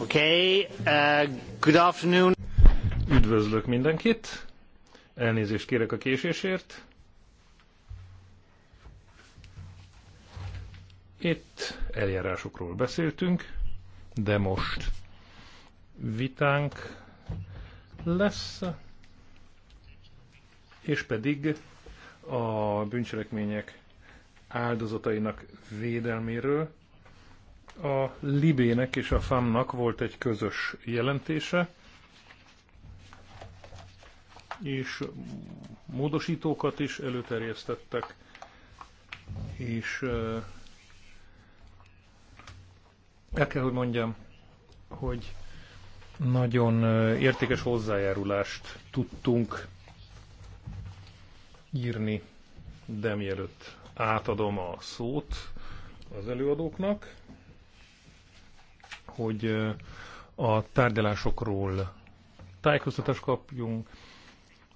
Okay, uh, good afternoon. Üdvözlök mindenkit. Elnézést kérek a késésért. Itt eljárásokról beszéltünk, de most vitánk lesz, és pedig a bűncselekmények áldozatainak védelméről, a Libének és a FAM-nak volt egy közös jelentése, és módosítókat is előterjesztettek, és el kell, hogy mondjam, hogy nagyon értékes hozzájárulást tudtunk írni, de mielőtt átadom a szót az előadóknak, hogy a tárgyalásokról tájékoztatást kapjunk.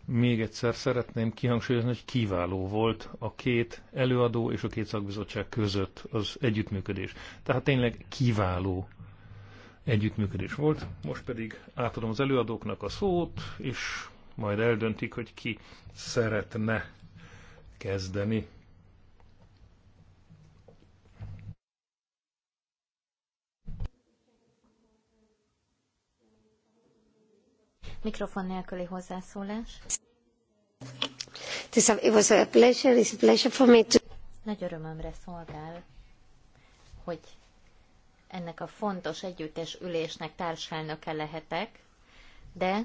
Még egyszer szeretném kihangsúlyozni, hogy kiváló volt a két előadó és a két szakbizottság között az együttműködés. Tehát tényleg kiváló együttműködés volt. Most pedig átadom az előadóknak a szót, és majd eldöntik, hogy ki szeretne kezdeni. Mikrofon nélküli hozzászólás. It was a pleasure, it's a pleasure for me to... Nagy örömömre szolgál, hogy ennek a fontos együttes ülésnek társelnöke lehetek, de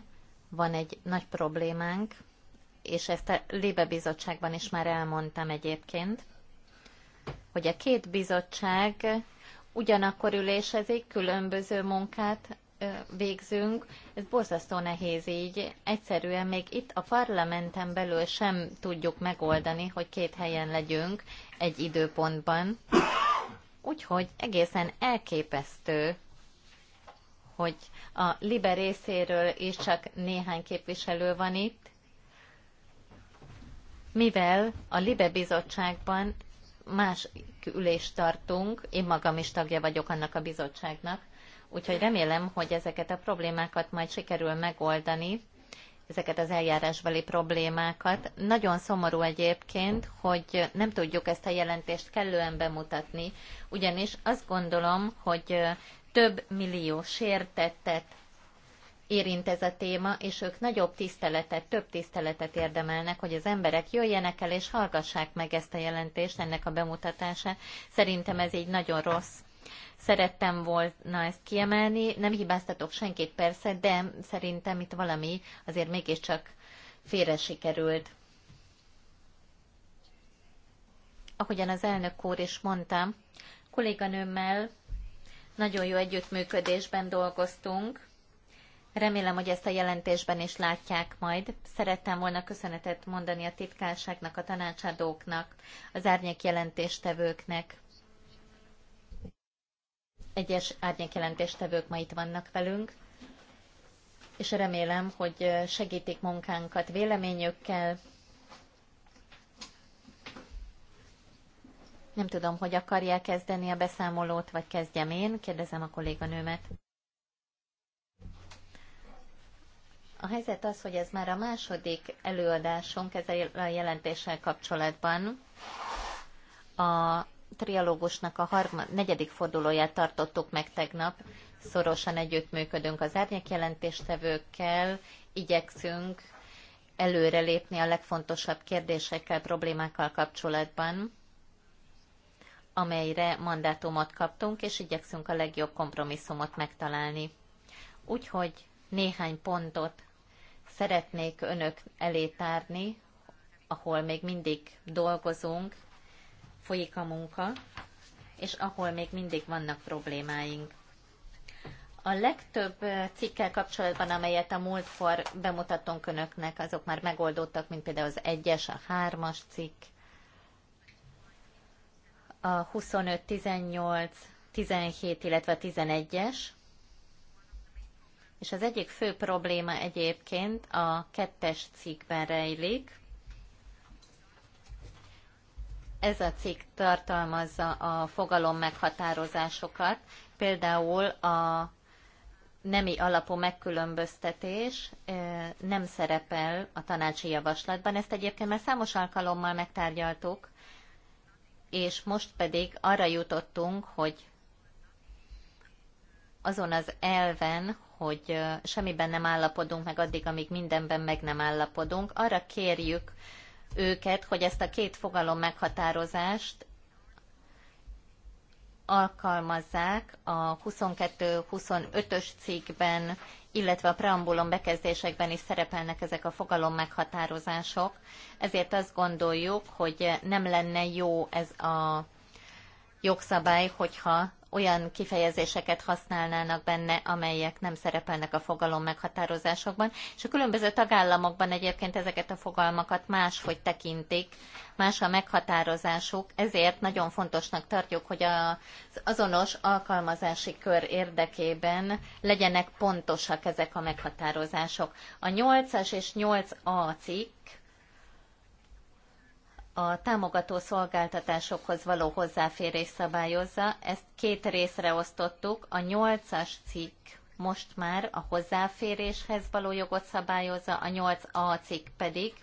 van egy nagy problémánk, és ezt a Lébe Bizottságban is már elmondtam egyébként, hogy a két bizottság ugyanakkor ülésezik, különböző munkát végzünk, ez borzasztó nehéz így. Egyszerűen még itt a parlamenten belül sem tudjuk megoldani, hogy két helyen legyünk egy időpontban. Úgyhogy egészen elképesztő, hogy a Liber részéről is csak néhány képviselő van itt, mivel a Libe bizottságban más ülést tartunk, én magam is tagja vagyok annak a bizottságnak, Úgyhogy remélem, hogy ezeket a problémákat majd sikerül megoldani, ezeket az eljárásbeli problémákat. Nagyon szomorú egyébként, hogy nem tudjuk ezt a jelentést kellően bemutatni, ugyanis azt gondolom, hogy több millió sértettet érint ez a téma, és ők nagyobb tiszteletet, több tiszteletet érdemelnek, hogy az emberek jöjjenek el és hallgassák meg ezt a jelentést, ennek a bemutatását. Szerintem ez így nagyon rossz Szerettem volna ezt kiemelni, nem hibáztatok senkit persze, de szerintem itt valami azért mégiscsak félre sikerült. Ahogyan az elnök úr is mondta, kolléganőmmel nagyon jó együttműködésben dolgoztunk, Remélem, hogy ezt a jelentésben is látják majd. Szerettem volna köszönetet mondani a titkárságnak, a tanácsadóknak, az árnyék jelentéstevőknek egyes árnyékjelentéstevők ma itt vannak velünk, és remélem, hogy segítik munkánkat véleményükkel. Nem tudom, hogy akarja kezdeni a beszámolót, vagy kezdjem én, kérdezem a kolléganőmet. A helyzet az, hogy ez már a második előadásunk ezzel a jelentéssel kapcsolatban. A trialógusnak a harmad, negyedik fordulóját tartottuk meg tegnap. Szorosan együttműködünk az árnyék igyekszünk előrelépni a legfontosabb kérdésekkel, problémákkal kapcsolatban, amelyre mandátumot kaptunk, és igyekszünk a legjobb kompromisszumot megtalálni. Úgyhogy néhány pontot szeretnék önök elé tárni, ahol még mindig dolgozunk, folyik a munka, és ahol még mindig vannak problémáink. A legtöbb eh, cikkel kapcsolatban, amelyet a múltkor bemutattunk önöknek, azok már megoldódtak, mint például az 1-es, a 3-as cikk, a 25, 18, 17, illetve a 11-es. És az egyik fő probléma egyébként a kettes cikkben rejlik, ez a cikk tartalmazza a fogalom meghatározásokat, például a nemi alapú megkülönböztetés nem szerepel a tanácsi javaslatban. Ezt egyébként már számos alkalommal megtárgyaltuk, és most pedig arra jutottunk, hogy azon az elven, hogy semmiben nem állapodunk meg addig, amíg mindenben meg nem állapodunk, arra kérjük őket, hogy ezt a két fogalom meghatározást alkalmazzák a 22-25-ös cikkben, illetve a preambulum bekezdésekben is szerepelnek ezek a fogalom meghatározások. Ezért azt gondoljuk, hogy nem lenne jó ez a jogszabály, hogyha olyan kifejezéseket használnának benne, amelyek nem szerepelnek a fogalom meghatározásokban, és a különböző tagállamokban egyébként ezeket a fogalmakat máshogy tekintik, más a meghatározásuk, ezért nagyon fontosnak tartjuk, hogy az azonos alkalmazási kör érdekében legyenek pontosak ezek a meghatározások. A 8-as és 8a cikk a támogató szolgáltatásokhoz való hozzáférés szabályozza. Ezt két részre osztottuk. A nyolcas cikk most már a hozzáféréshez való jogot szabályozza, a 8a cikk pedig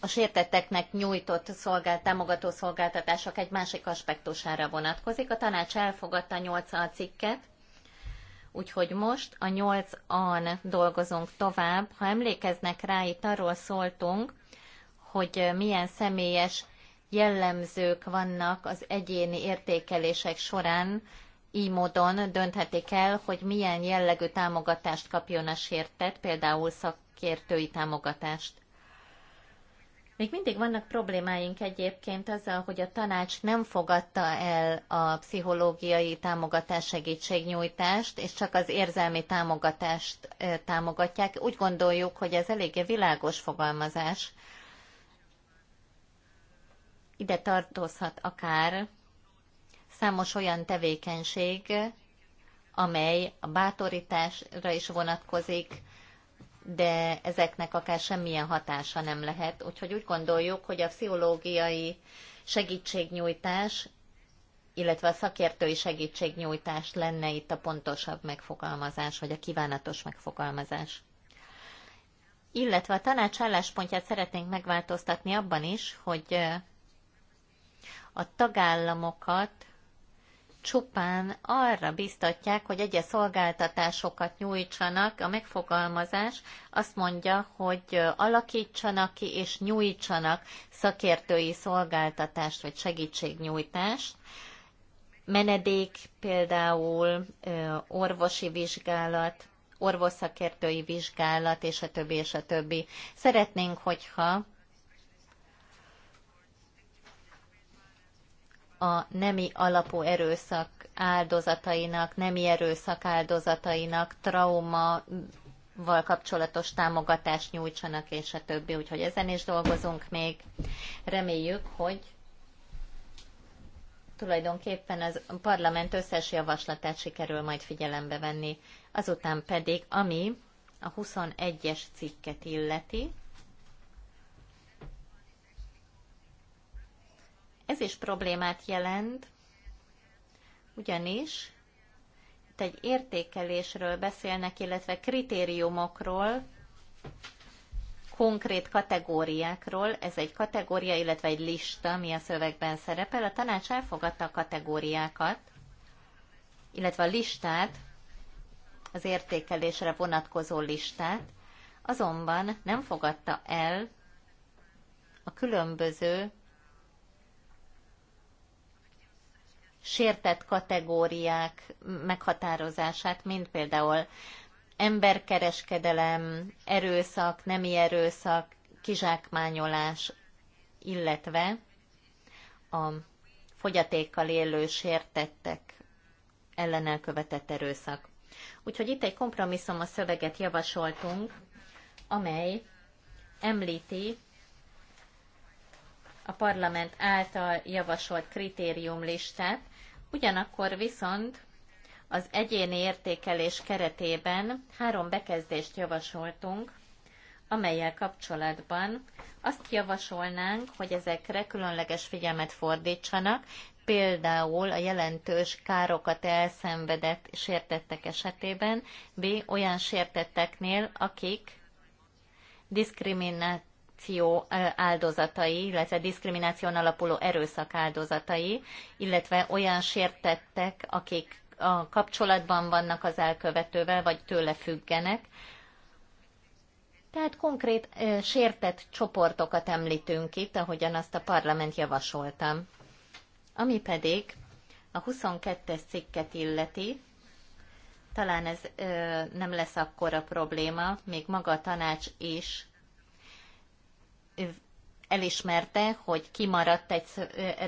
a sértetteknek nyújtott szolgált, támogató szolgáltatások egy másik aspektusára vonatkozik. A tanács elfogadta a 8 a cikket, Úgyhogy most a 8-an dolgozunk tovább. Ha emlékeznek rá, itt arról szóltunk, hogy milyen személyes jellemzők vannak az egyéni értékelések során, így módon dönthetik el, hogy milyen jellegű támogatást kapjon a sértett, például szakértői támogatást. Még mindig vannak problémáink egyébként azzal, hogy a tanács nem fogadta el a pszichológiai támogatás segítségnyújtást, és csak az érzelmi támogatást támogatják. Úgy gondoljuk, hogy ez eléggé világos fogalmazás. Ide tartozhat akár számos olyan tevékenység, amely a bátorításra is vonatkozik, de ezeknek akár semmilyen hatása nem lehet. Úgyhogy úgy gondoljuk, hogy a pszichológiai segítségnyújtás, illetve a szakértői segítségnyújtás lenne itt a pontosabb megfogalmazás, vagy a kívánatos megfogalmazás. Illetve a tanács álláspontját szeretnénk megváltoztatni abban is, hogy a tagállamokat csupán arra biztatják, hogy egyes szolgáltatásokat nyújtsanak. A megfogalmazás azt mondja, hogy alakítsanak ki és nyújtsanak szakértői szolgáltatást vagy segítségnyújtást. Menedék például orvosi vizsgálat, orvosszakértői vizsgálat, és a többi, és a többi. Szeretnénk, hogyha a nemi alapú erőszak áldozatainak, nemi erőszak áldozatainak, traumaval kapcsolatos támogatást nyújtsanak, és a többi. Úgyhogy ezen is dolgozunk még. Reméljük, hogy tulajdonképpen az parlament összes javaslatát sikerül majd figyelembe venni. Azután pedig, ami a 21-es cikket illeti, Ez is problémát jelent, ugyanis itt egy értékelésről beszélnek, illetve kritériumokról, konkrét kategóriákról. Ez egy kategória, illetve egy lista, ami a szövegben szerepel. A tanács elfogadta a kategóriákat, illetve a listát, az értékelésre vonatkozó listát, azonban nem fogadta el a különböző sértett kategóriák meghatározását, mint például emberkereskedelem, erőszak, nemi erőszak, kizsákmányolás, illetve a fogyatékkal élő sértettek ellen elkövetett erőszak. Úgyhogy itt egy kompromisszum a szöveget javasoltunk, amely említi a parlament által javasolt kritériumlistát, Ugyanakkor viszont az egyéni értékelés keretében három bekezdést javasoltunk, amelyel kapcsolatban azt javasolnánk, hogy ezekre különleges figyelmet fordítsanak, például a jelentős károkat elszenvedett sértettek esetében, b. olyan sértetteknél, akik diszkriminált diszkrimináció áldozatai, illetve diszkrimináción alapuló erőszak áldozatai, illetve olyan sértettek, akik a kapcsolatban vannak az elkövetővel, vagy tőle függenek. Tehát konkrét sértett csoportokat említünk itt, ahogyan azt a parlament javasoltam. Ami pedig a 22-es cikket illeti, talán ez ö, nem lesz akkora probléma, még maga a tanács is elismerte, hogy kimaradt egy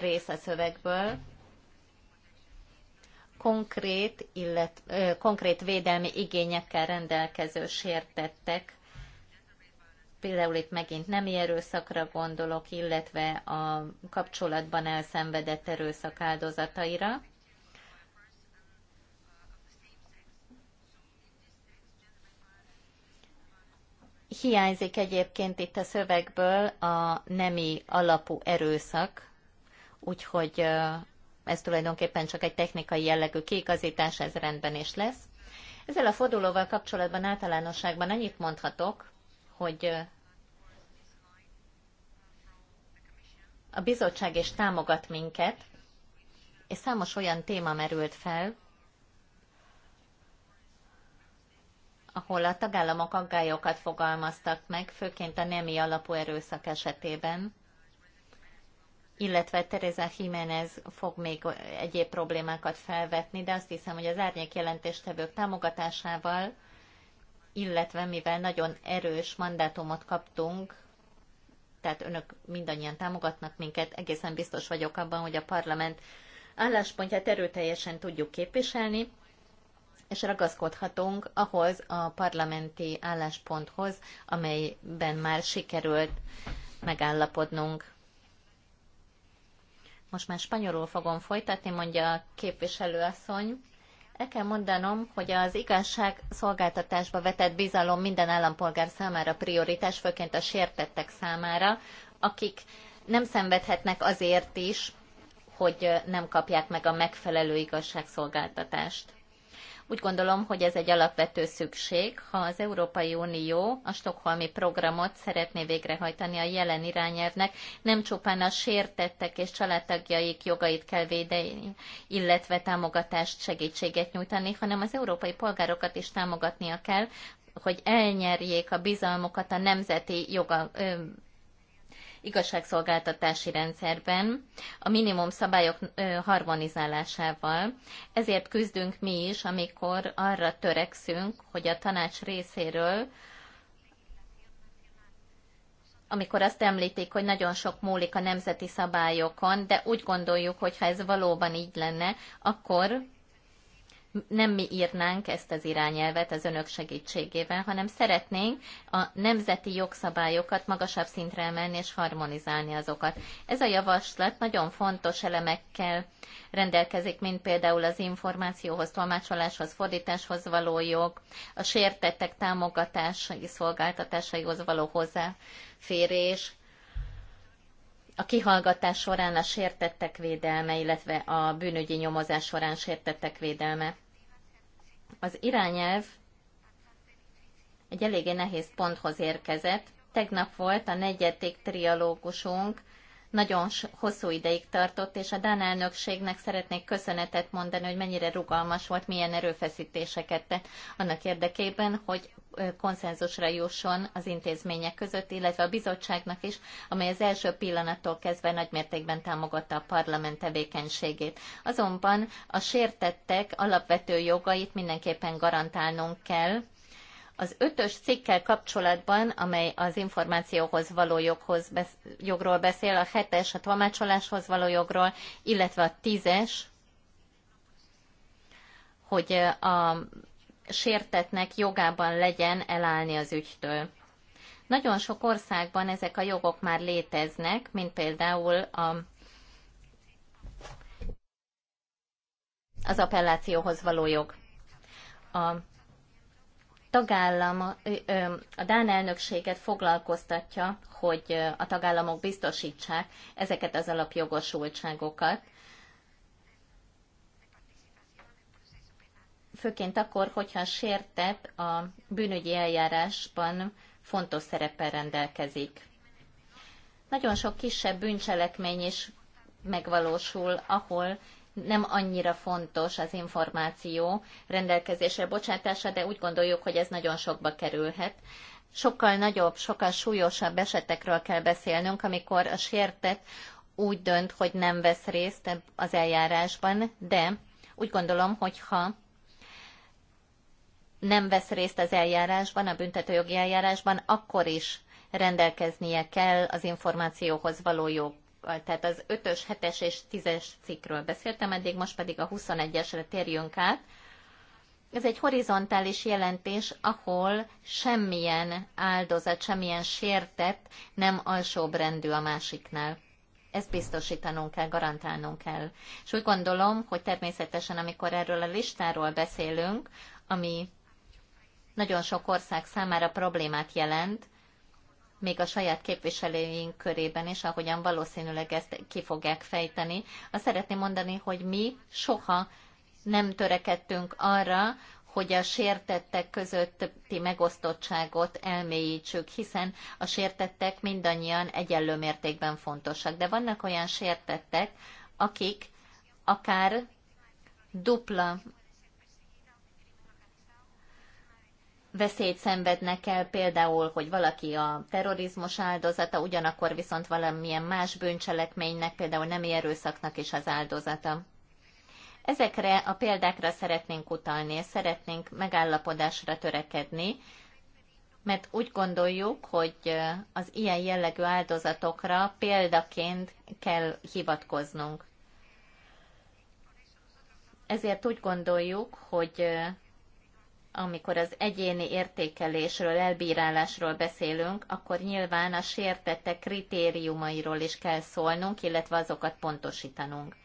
része szövegből, konkrét, illet, konkrét védelmi igényekkel rendelkező sértettek, például itt megint nemi erőszakra gondolok, illetve a kapcsolatban elszenvedett erőszak áldozataira. Hiányzik egyébként itt a szövegből a nemi alapú erőszak, úgyhogy ez tulajdonképpen csak egy technikai jellegű kiigazítás, ez rendben is lesz. Ezzel a fordulóval kapcsolatban általánosságban annyit mondhatok, hogy a bizottság is támogat minket, és számos olyan téma merült fel, ahol a tagállamok aggályokat fogalmaztak meg, főként a nemi alapú erőszak esetében, illetve Teresa Jiménez fog még egyéb problémákat felvetni, de azt hiszem, hogy az árnyék jelentéstevők támogatásával, illetve mivel nagyon erős mandátumot kaptunk, tehát önök mindannyian támogatnak minket, egészen biztos vagyok abban, hogy a parlament álláspontját erőteljesen tudjuk képviselni, és ragaszkodhatunk ahhoz a parlamenti állásponthoz, amelyben már sikerült megállapodnunk. Most már spanyolul fogom folytatni, mondja a képviselőasszony. El kell mondanom, hogy az igazság szolgáltatásba vetett bizalom minden állampolgár számára prioritás, főként a sértettek számára, akik nem szenvedhetnek azért is, hogy nem kapják meg a megfelelő igazságszolgáltatást. Úgy gondolom, hogy ez egy alapvető szükség, ha az Európai Unió a stokholmi programot szeretné végrehajtani a jelen irányelvnek, nem csupán a sértettek és családtagjaik jogait kell védeni, illetve támogatást, segítséget nyújtani, hanem az európai polgárokat is támogatnia kell, hogy elnyerjék a bizalmukat a nemzeti joga, ö, igazságszolgáltatási rendszerben a minimum szabályok harmonizálásával. Ezért küzdünk mi is, amikor arra törekszünk, hogy a tanács részéről amikor azt említik, hogy nagyon sok múlik a nemzeti szabályokon, de úgy gondoljuk, hogy ha ez valóban így lenne, akkor nem mi írnánk ezt az irányelvet az önök segítségével, hanem szeretnénk a nemzeti jogszabályokat magasabb szintre emelni és harmonizálni azokat. Ez a javaslat nagyon fontos elemekkel rendelkezik, mint például az információhoz, tolmácsoláshoz, fordításhoz való jog, a sértettek támogatásai szolgáltatásaihoz való hozzáférés, a kihallgatás során a sértettek védelme, illetve a bűnügyi nyomozás során sértettek védelme. Az irányelv egy eléggé nehéz ponthoz érkezett. Tegnap volt a negyedik trialógusunk nagyon hosszú ideig tartott, és a Dán elnökségnek szeretnék köszönetet mondani, hogy mennyire rugalmas volt, milyen erőfeszítéseket tett annak érdekében, hogy konszenzusra jusson az intézmények között, illetve a bizottságnak is, amely az első pillanattól kezdve nagymértékben támogatta a parlament tevékenységét. Azonban a sértettek alapvető jogait mindenképpen garantálnunk kell, az ötös cikkel kapcsolatban, amely az információhoz való joghoz, jogról beszél, a hetes a tolmácsoláshoz való jogról, illetve a tízes, hogy a sértetnek jogában legyen elállni az ügytől. Nagyon sok országban ezek a jogok már léteznek, mint például a, az appellációhoz való jog. A tagállam, a Dán elnökséget foglalkoztatja, hogy a tagállamok biztosítsák ezeket az alapjogosultságokat, főként akkor, hogyha a sértett a bűnügyi eljárásban fontos szerepel rendelkezik. Nagyon sok kisebb bűncselekmény is megvalósul, ahol nem annyira fontos az információ rendelkezésre bocsátása, de úgy gondoljuk, hogy ez nagyon sokba kerülhet. Sokkal nagyobb, sokkal súlyosabb esetekről kell beszélnünk, amikor a sértett úgy dönt, hogy nem vesz részt az eljárásban, de úgy gondolom, hogy ha nem vesz részt az eljárásban, a büntetőjogi eljárásban, akkor is rendelkeznie kell az információhoz való jog, tehát az 5-ös, 7-es és 10-es cikkről beszéltem, eddig most pedig a 21-esre térjünk át. Ez egy horizontális jelentés, ahol semmilyen áldozat, semmilyen sértett nem rendű a másiknál. Ezt biztosítanunk kell, garantálnunk kell. És úgy gondolom, hogy természetesen, amikor erről a listáról beszélünk, ami nagyon sok ország számára problémát jelent, még a saját képviselőink körében is, ahogyan valószínűleg ezt ki fogják fejteni. Azt szeretném mondani, hogy mi soha nem törekedtünk arra, hogy a sértettek közötti megosztottságot elmélyítsük, hiszen a sértettek mindannyian egyenlő mértékben fontosak. De vannak olyan sértettek, akik akár dupla veszélyt szenvednek el, például, hogy valaki a terrorizmus áldozata, ugyanakkor viszont valamilyen más bűncselekménynek, például nemi erőszaknak is az áldozata. Ezekre a példákra szeretnénk utalni, és szeretnénk megállapodásra törekedni, mert úgy gondoljuk, hogy az ilyen jellegű áldozatokra példaként kell hivatkoznunk. Ezért úgy gondoljuk, hogy amikor az egyéni értékelésről, elbírálásról beszélünk, akkor nyilván a sértettek kritériumairól is kell szólnunk, illetve azokat pontosítanunk.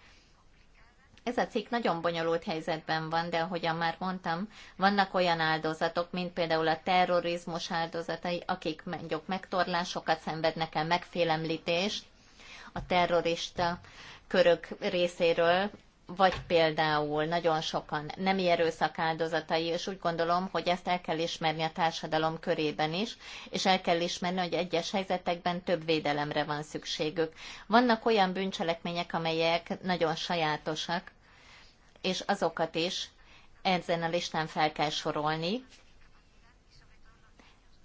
Ez a cikk nagyon bonyolult helyzetben van, de ahogyan már mondtam, vannak olyan áldozatok, mint például a terrorizmus áldozatai, akik mondjuk megtorlásokat szenvednek el, megfélemlítést a terrorista körök részéről, vagy például nagyon sokan nem erőszak áldozatai, és úgy gondolom, hogy ezt el kell ismerni a társadalom körében is, és el kell ismerni, hogy egyes helyzetekben több védelemre van szükségük. Vannak olyan bűncselekmények, amelyek nagyon sajátosak, és azokat is ezen a listán fel kell sorolni,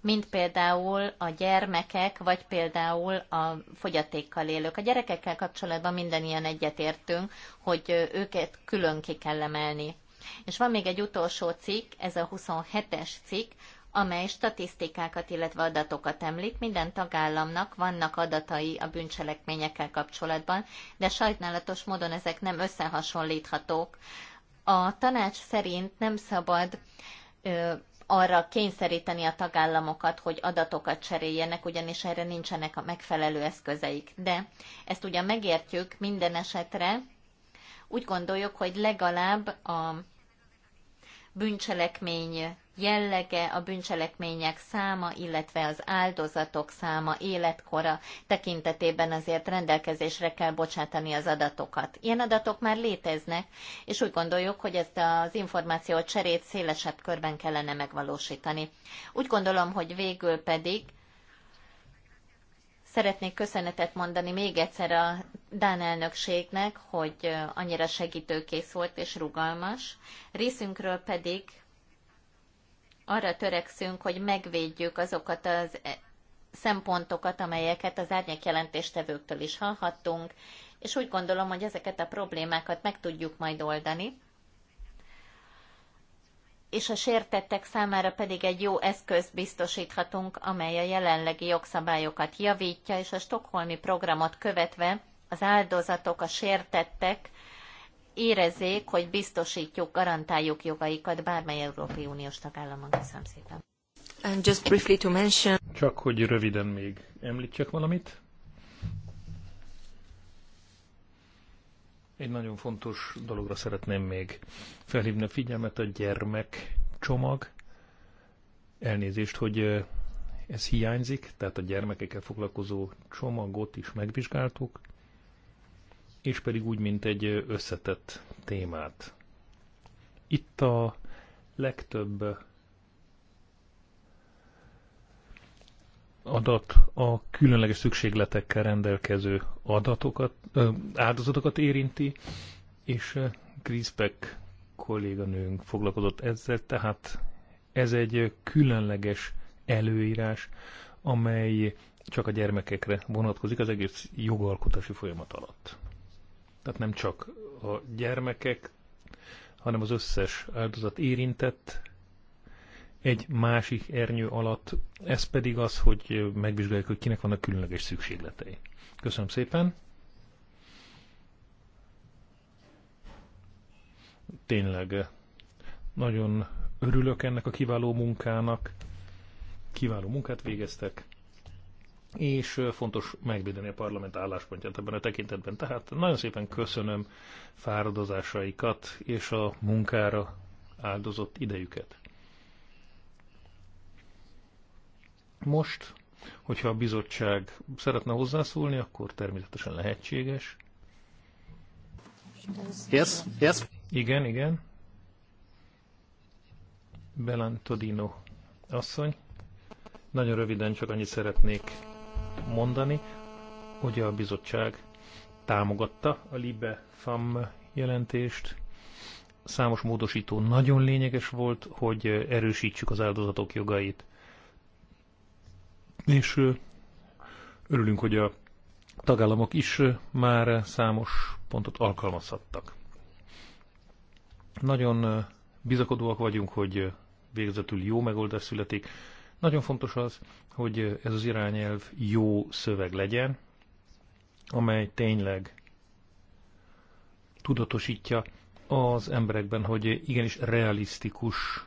mint például a gyermekek, vagy például a fogyatékkal élők. A gyerekekkel kapcsolatban minden ilyen egyetértünk, hogy őket külön ki kell emelni. És van még egy utolsó cikk, ez a 27-es cikk, amely statisztikákat, illetve adatokat említ. Minden tagállamnak vannak adatai a bűncselekményekkel kapcsolatban, de sajnálatos módon ezek nem összehasonlíthatók. A tanács szerint nem szabad arra kényszeríteni a tagállamokat, hogy adatokat cseréljenek, ugyanis erre nincsenek a megfelelő eszközeik. De ezt ugyan megértjük minden esetre, úgy gondoljuk, hogy legalább a bűncselekmény jellege, a bűncselekmények száma, illetve az áldozatok száma, életkora tekintetében azért rendelkezésre kell bocsátani az adatokat. Ilyen adatok már léteznek, és úgy gondoljuk, hogy ezt az információ cserét szélesebb körben kellene megvalósítani. Úgy gondolom, hogy végül pedig Szeretnék köszönetet mondani még egyszer a Dán elnökségnek, hogy annyira segítőkész volt és rugalmas. Részünkről pedig arra törekszünk, hogy megvédjük azokat az e, szempontokat, amelyeket az árnyék jelentéstevőktől is hallhattunk, és úgy gondolom, hogy ezeket a problémákat meg tudjuk majd oldani és a sértettek számára pedig egy jó eszközt biztosíthatunk, amely a jelenlegi jogszabályokat javítja, és a stokholmi programot követve az áldozatok, a sértettek érezzék, hogy biztosítjuk, garantáljuk jogaikat bármely Európai Uniós tagállamon. Köszönöm szépen. And just briefly to mention... Csak hogy röviden még említsek valamit. Egy nagyon fontos dologra szeretném még felhívni a figyelmet, a gyermek csomag. Elnézést, hogy ez hiányzik, tehát a gyermekekkel foglalkozó csomagot is megvizsgáltuk, és pedig úgy, mint egy összetett témát. Itt a legtöbb adat a különleges szükségletekkel rendelkező adatokat, áldozatokat érinti, és Griesbeck kolléganőnk foglalkozott ezzel, tehát ez egy különleges előírás, amely csak a gyermekekre vonatkozik az egész jogalkotási folyamat alatt. Tehát nem csak a gyermekek, hanem az összes áldozat érintett egy másik ernyő alatt. Ez pedig az, hogy megvizsgáljuk, hogy kinek vannak különleges szükségletei. Köszönöm szépen! Tényleg nagyon örülök ennek a kiváló munkának. Kiváló munkát végeztek és fontos megvédeni a parlament álláspontját ebben a tekintetben. Tehát nagyon szépen köszönöm fáradozásaikat és a munkára áldozott idejüket. Most, hogyha a bizottság szeretne hozzászólni, akkor természetesen lehetséges. Yes, yes. Igen, igen. Todino asszony. Nagyon röviden csak annyit szeretnék mondani, hogy a bizottság támogatta a Libe FAM jelentést. Számos módosító nagyon lényeges volt, hogy erősítsük az áldozatok jogait. És örülünk, hogy a tagállamok is már számos pontot alkalmazhattak. Nagyon bizakodóak vagyunk, hogy végzetül jó megoldás születik. Nagyon fontos az, hogy ez az irányelv jó szöveg legyen, amely tényleg tudatosítja az emberekben, hogy igenis realisztikus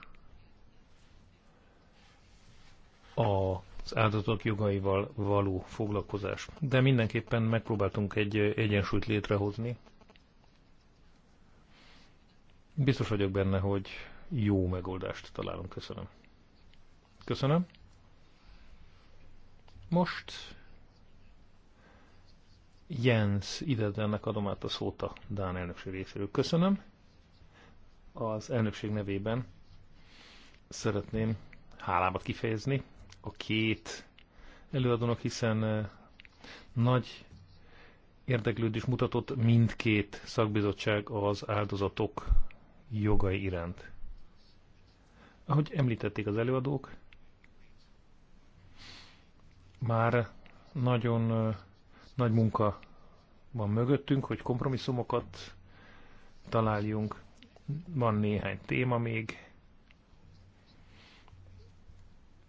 az áldozatok jogaival való foglalkozás. De mindenképpen megpróbáltunk egy egyensúlyt létrehozni. Biztos vagyok benne, hogy jó megoldást találunk. Köszönöm. Köszönöm. Most Jens ennek adom át a szót a Dán elnökség részéről. Köszönöm. Az elnökség nevében szeretném hálámat kifejezni a két előadónak, hiszen eh, nagy érdeklődés mutatott mindkét szakbizottság az áldozatok jogai iránt. Ahogy említették az előadók, már nagyon nagy munka van mögöttünk, hogy kompromisszumokat találjunk. Van néhány téma még,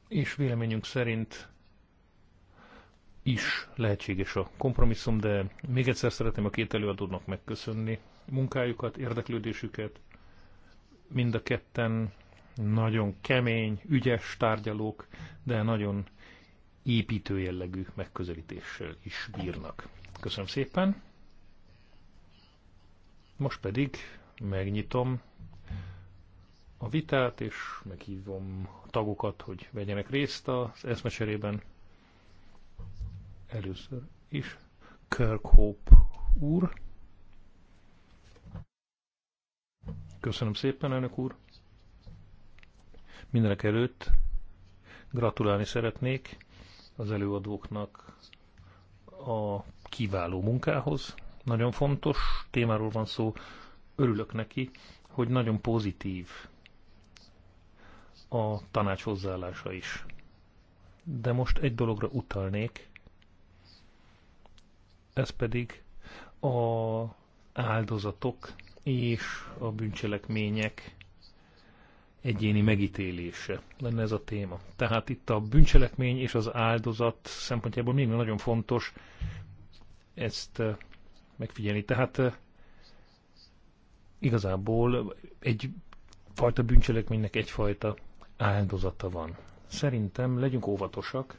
és véleményünk szerint is lehetséges a kompromisszum, de még egyszer szeretném a két előadónak megköszönni munkájukat, érdeklődésüket. Mind a ketten nagyon kemény, ügyes tárgyalók, de nagyon építő jellegű megközelítéssel is bírnak. Köszönöm szépen. Most pedig megnyitom a vitát, és meghívom a tagokat, hogy vegyenek részt az eszmecserében. Először is Kirkhope úr. Köszönöm szépen, elnök úr. Mindenek előtt gratulálni szeretnék az előadóknak a kiváló munkához. Nagyon fontos témáról van szó. Örülök neki, hogy nagyon pozitív a tanács hozzáállása is. De most egy dologra utalnék, ez pedig a áldozatok és a bűncselekmények egyéni megítélése lenne ez a téma. Tehát itt a bűncselekmény és az áldozat szempontjából még nagyon fontos ezt eh, megfigyelni. Tehát eh, igazából egy fajta bűncselekménynek egyfajta áldozata van. Szerintem legyünk óvatosak,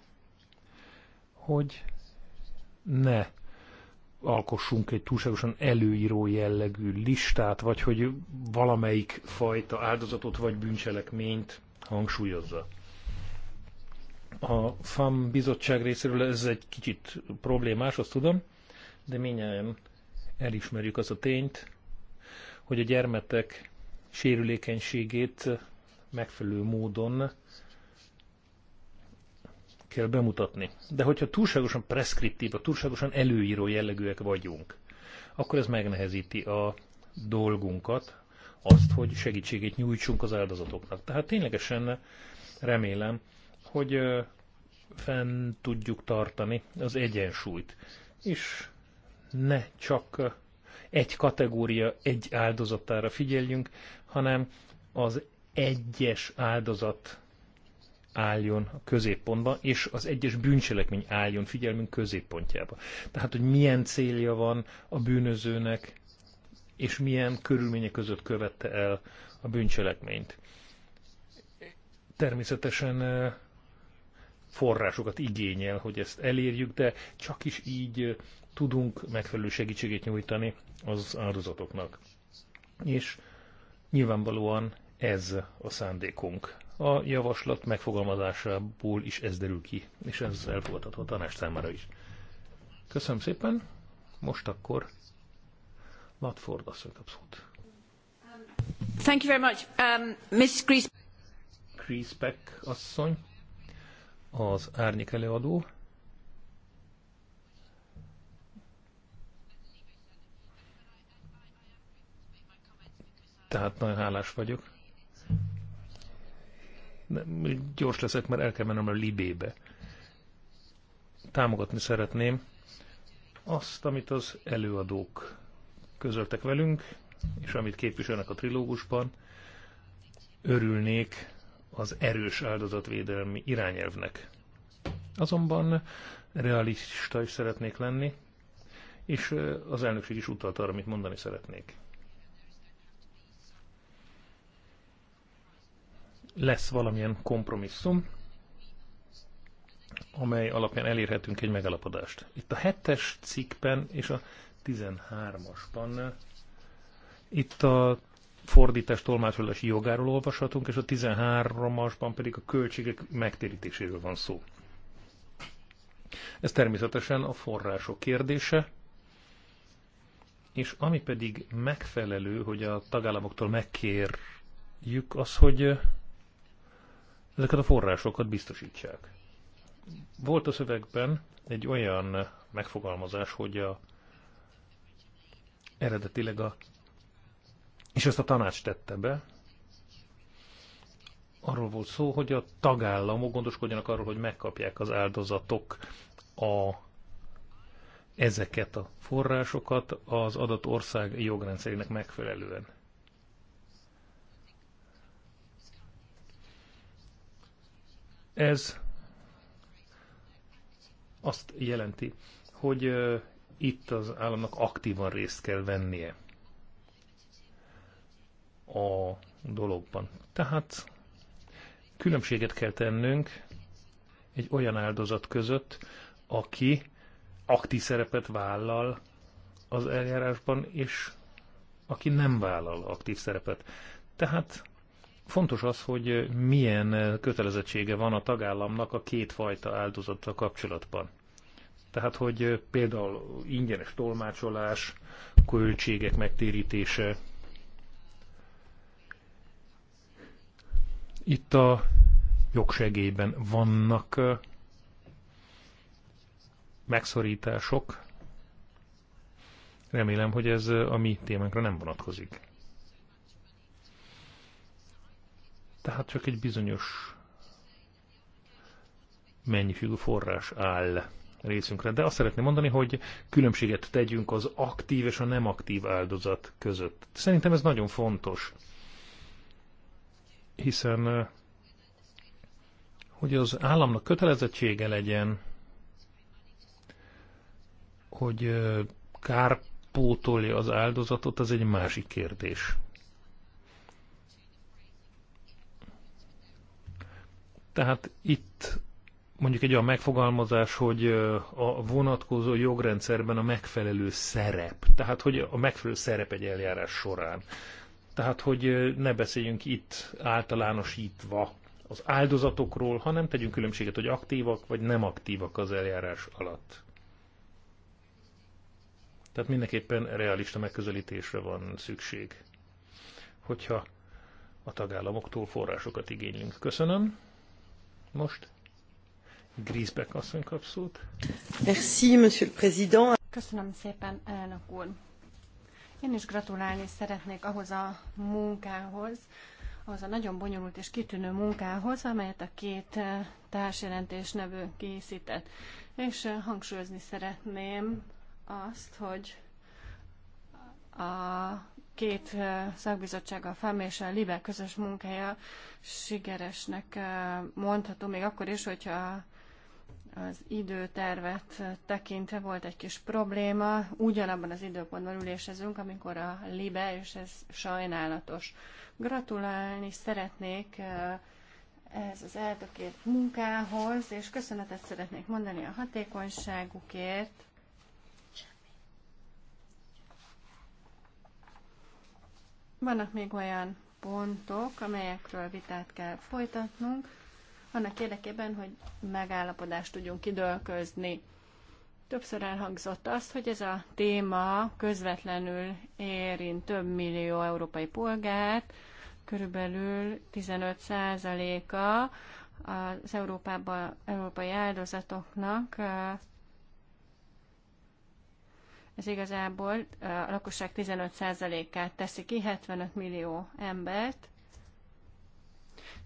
hogy ne alkossunk egy túlságosan előíró jellegű listát, vagy hogy valamelyik fajta áldozatot vagy bűncselekményt hangsúlyozza. A FAM bizottság részéről ez egy kicsit problémás, azt tudom, de minnyáján elismerjük az a tényt, hogy a gyermetek sérülékenységét megfelelő módon kell bemutatni. De hogyha túlságosan preszkriptív, túlságosan előíró jellegűek vagyunk, akkor ez megnehezíti a dolgunkat, azt, hogy segítségét nyújtsunk az áldozatoknak. Tehát ténylegesen remélem, hogy fenn tudjuk tartani az egyensúlyt, és ne csak egy kategória egy áldozatára figyeljünk, hanem az egyes áldozat álljon a középpontba, és az egyes bűncselekmény álljon figyelmünk középpontjába. Tehát, hogy milyen célja van a bűnözőnek, és milyen körülmények között követte el a bűncselekményt. Természetesen forrásokat igényel, hogy ezt elérjük, de csak is így tudunk megfelelő segítségét nyújtani az áldozatoknak. És nyilvánvalóan ez a szándékunk a javaslat megfogalmazásából is ez derül ki, és ez elfogadható a tanács számára is. Köszönöm szépen, most akkor Latford a szót. Thank you very much. Um, Miss Gries... Griesbeck asszony, az árnyék előadó. Tehát nagyon hálás vagyok gyors leszek, mert el kell mennem a Libébe. Támogatni szeretném azt, amit az előadók közöltek velünk, és amit képviselnek a trilógusban. Örülnék az erős áldozatvédelmi irányelvnek. Azonban realista is szeretnék lenni, és az elnökség is utalt arra, amit mondani szeretnék. lesz valamilyen kompromisszum, amely alapján elérhetünk egy megalapodást. Itt a hetes cikkben és a 13-asban itt a fordítás tolmácsolási jogáról olvashatunk, és a 13-asban pedig a költségek megtérítéséről van szó. Ez természetesen a források kérdése, és ami pedig megfelelő, hogy a tagállamoktól megkérjük az, hogy ezeket a forrásokat biztosítsák. Volt a szövegben egy olyan megfogalmazás, hogy a eredetileg a és ezt a tanács tette be, arról volt szó, hogy a tagállamok gondoskodjanak arról, hogy megkapják az áldozatok a, ezeket a forrásokat az adott ország jogrendszerének megfelelően. Ez azt jelenti, hogy itt az államnak aktívan részt kell vennie a dologban. Tehát különbséget kell tennünk egy olyan áldozat között, aki aktív szerepet vállal az eljárásban, és aki nem vállal aktív szerepet. Tehát Fontos az, hogy milyen kötelezettsége van a tagállamnak a kétfajta áldozata kapcsolatban. Tehát, hogy például ingyenes tolmácsolás, költségek megtérítése. Itt a jogsegélyben vannak megszorítások. Remélem, hogy ez a mi témánkra nem vonatkozik. Tehát csak egy bizonyos mennyiségű forrás áll részünkre. De azt szeretném mondani, hogy különbséget tegyünk az aktív és a nem aktív áldozat között. Szerintem ez nagyon fontos, hiszen eh, hogy az államnak kötelezettsége legyen, hogy eh, kárpótolja az áldozatot, az egy másik kérdés. Tehát itt mondjuk egy olyan megfogalmazás, hogy a vonatkozó jogrendszerben a megfelelő szerep. Tehát, hogy a megfelelő szerep egy eljárás során. Tehát, hogy ne beszéljünk itt általánosítva az áldozatokról, hanem tegyünk különbséget, hogy aktívak vagy nem aktívak az eljárás alatt. Tehát mindenképpen realista megközelítésre van szükség, hogyha a tagállamoktól forrásokat igénylünk. Köszönöm. Most Grisbeck asszony kap szót. Merci, monsieur le président. Köszönöm szépen, elnök úr. Én is gratulálni szeretnék ahhoz a munkához, ahhoz a nagyon bonyolult és kitűnő munkához, amelyet a két eh, társjelentés nevű készített. És eh, hangsúlyozni szeretném azt, hogy a két eh, szakbizottság, a FAM és a LIBE közös munkája sikeresnek eh, mondható, még akkor is, hogyha az időtervet eh, tekintve volt egy kis probléma. Ugyanabban az időpontban ülésezünk, amikor a LIBE, és ez sajnálatos. Gratulálni szeretnék ez az eltökélt munkához, és köszönetet szeretnék mondani a hatékonyságukért, Vannak még olyan pontok, amelyekről vitát kell folytatnunk, annak érdekében, hogy megállapodást tudjunk kidölközni. Többször elhangzott az, hogy ez a téma közvetlenül érint több millió európai polgárt, körülbelül 15%-a az Európában, európai áldozatoknak ez igazából a lakosság 15%-át teszi ki, 75 millió embert.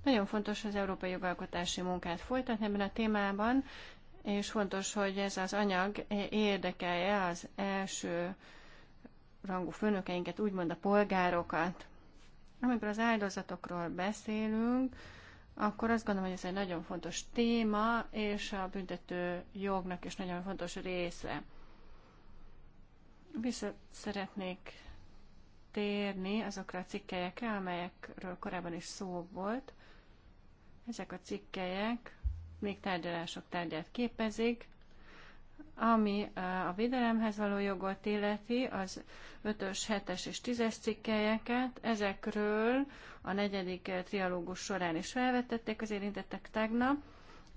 Nagyon fontos az európai jogalkotási munkát folytatni ebben a témában, és fontos, hogy ez az anyag érdekelje az első rangú főnökeinket, úgymond a polgárokat. Amikor az áldozatokról beszélünk, akkor azt gondolom, hogy ez egy nagyon fontos téma, és a büntető jognak is nagyon fontos része. Vissza szeretnék térni azokra a cikkelyekre, amelyekről korábban is szó volt. Ezek a cikkelyek még tárgyalások tárgyát képezik, ami a védelemhez való jogot illeti, az 5-ös, 7-es és 10-es cikkelyeket, ezekről a negyedik trialógus során is felvetették az érintettek tegnap.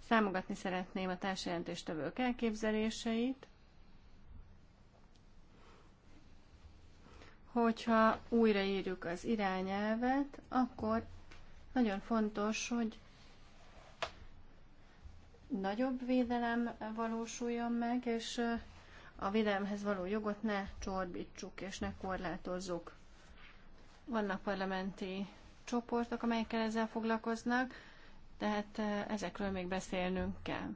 Számogatni szeretném a társjelentéstevők elképzeléseit, hogyha újraírjuk az irányelvet, akkor nagyon fontos, hogy nagyobb védelem valósuljon meg, és a védelemhez való jogot ne csorbítsuk és ne korlátozzuk. Vannak parlamenti csoportok, amelyekkel ezzel foglalkoznak, tehát ezekről még beszélnünk kell.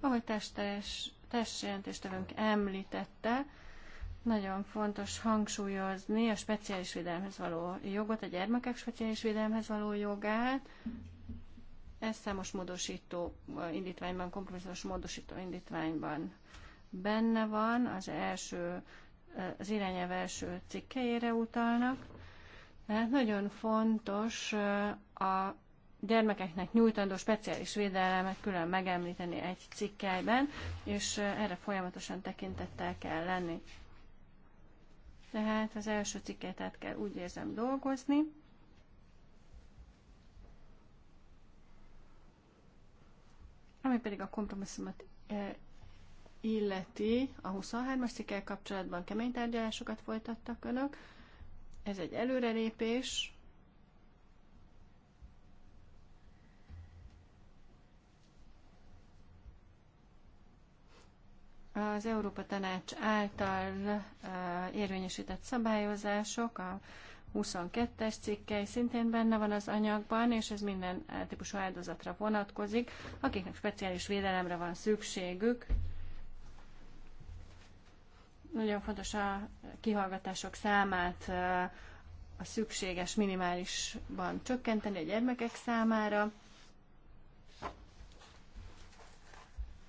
Ahogy testeres testjelentéstevőnk említette, nagyon fontos hangsúlyozni a speciális védelemhez való jogot, a gyermekek speciális védelmhez való jogát. Ez számos módosító indítványban, kompromisszumos módosító indítványban benne van, az első, az irányelv első cikkejére utalnak. Hát nagyon fontos a gyermekeknek nyújtandó speciális védelmet külön megemlíteni egy cikkelyben, és erre folyamatosan tekintettel kell lenni. Tehát az első cikket át kell úgy érzem dolgozni. Ami pedig a kompromisszumot illeti, a 23-as cikkel kapcsolatban kemény tárgyalásokat folytattak önök. Ez egy előrelépés, Az Európa Tanács által eh, érvényesített szabályozások, a 22-es cikkely szintén benne van az anyagban, és ez minden eh, típusú áldozatra vonatkozik, akiknek speciális védelemre van szükségük. Nagyon fontos a kihallgatások számát eh, a szükséges minimálisban csökkenteni a gyermekek számára.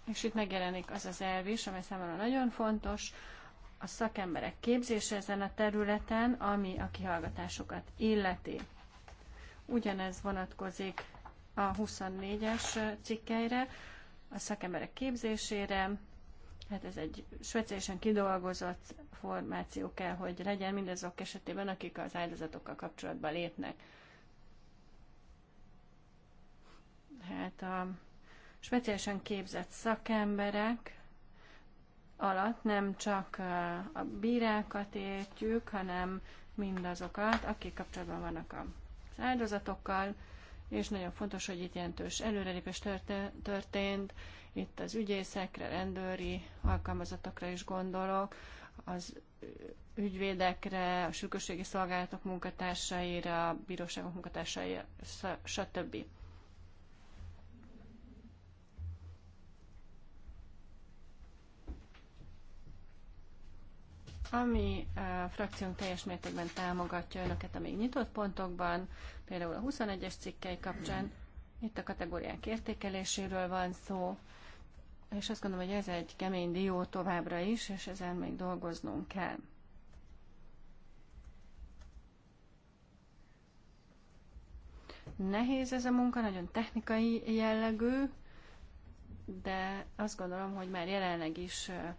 És itt megjelenik az az elv is, amely számomra nagyon fontos, a szakemberek képzése ezen a területen, ami a kihallgatásokat illeti. Ugyanez vonatkozik a 24-es cikkeire, a szakemberek képzésére, hát ez egy speciálisan kidolgozott formáció kell, hogy legyen mindazok esetében, akik az áldozatokkal kapcsolatba lépnek. Hát a speciálisan képzett szakemberek alatt nem csak a bírákat értjük, hanem mindazokat, akik kapcsolatban vannak az áldozatokkal, és nagyon fontos, hogy itt jelentős előrelépés történt, itt az ügyészekre, rendőri alkalmazatokra is gondolok, az ügyvédekre, a sürgősségi szolgálatok munkatársaira, a bíróságok munkatársaira, stb. Ami a eh, frakciónk teljes mértékben támogatja önöket a még nyitott pontokban, például a 21-es cikkei kapcsán, itt a kategóriák értékeléséről van szó, és azt gondolom, hogy ez egy kemény dió továbbra is, és ezen még dolgoznunk kell. Nehéz ez a munka, nagyon technikai jellegű, de azt gondolom, hogy már jelenleg is eh,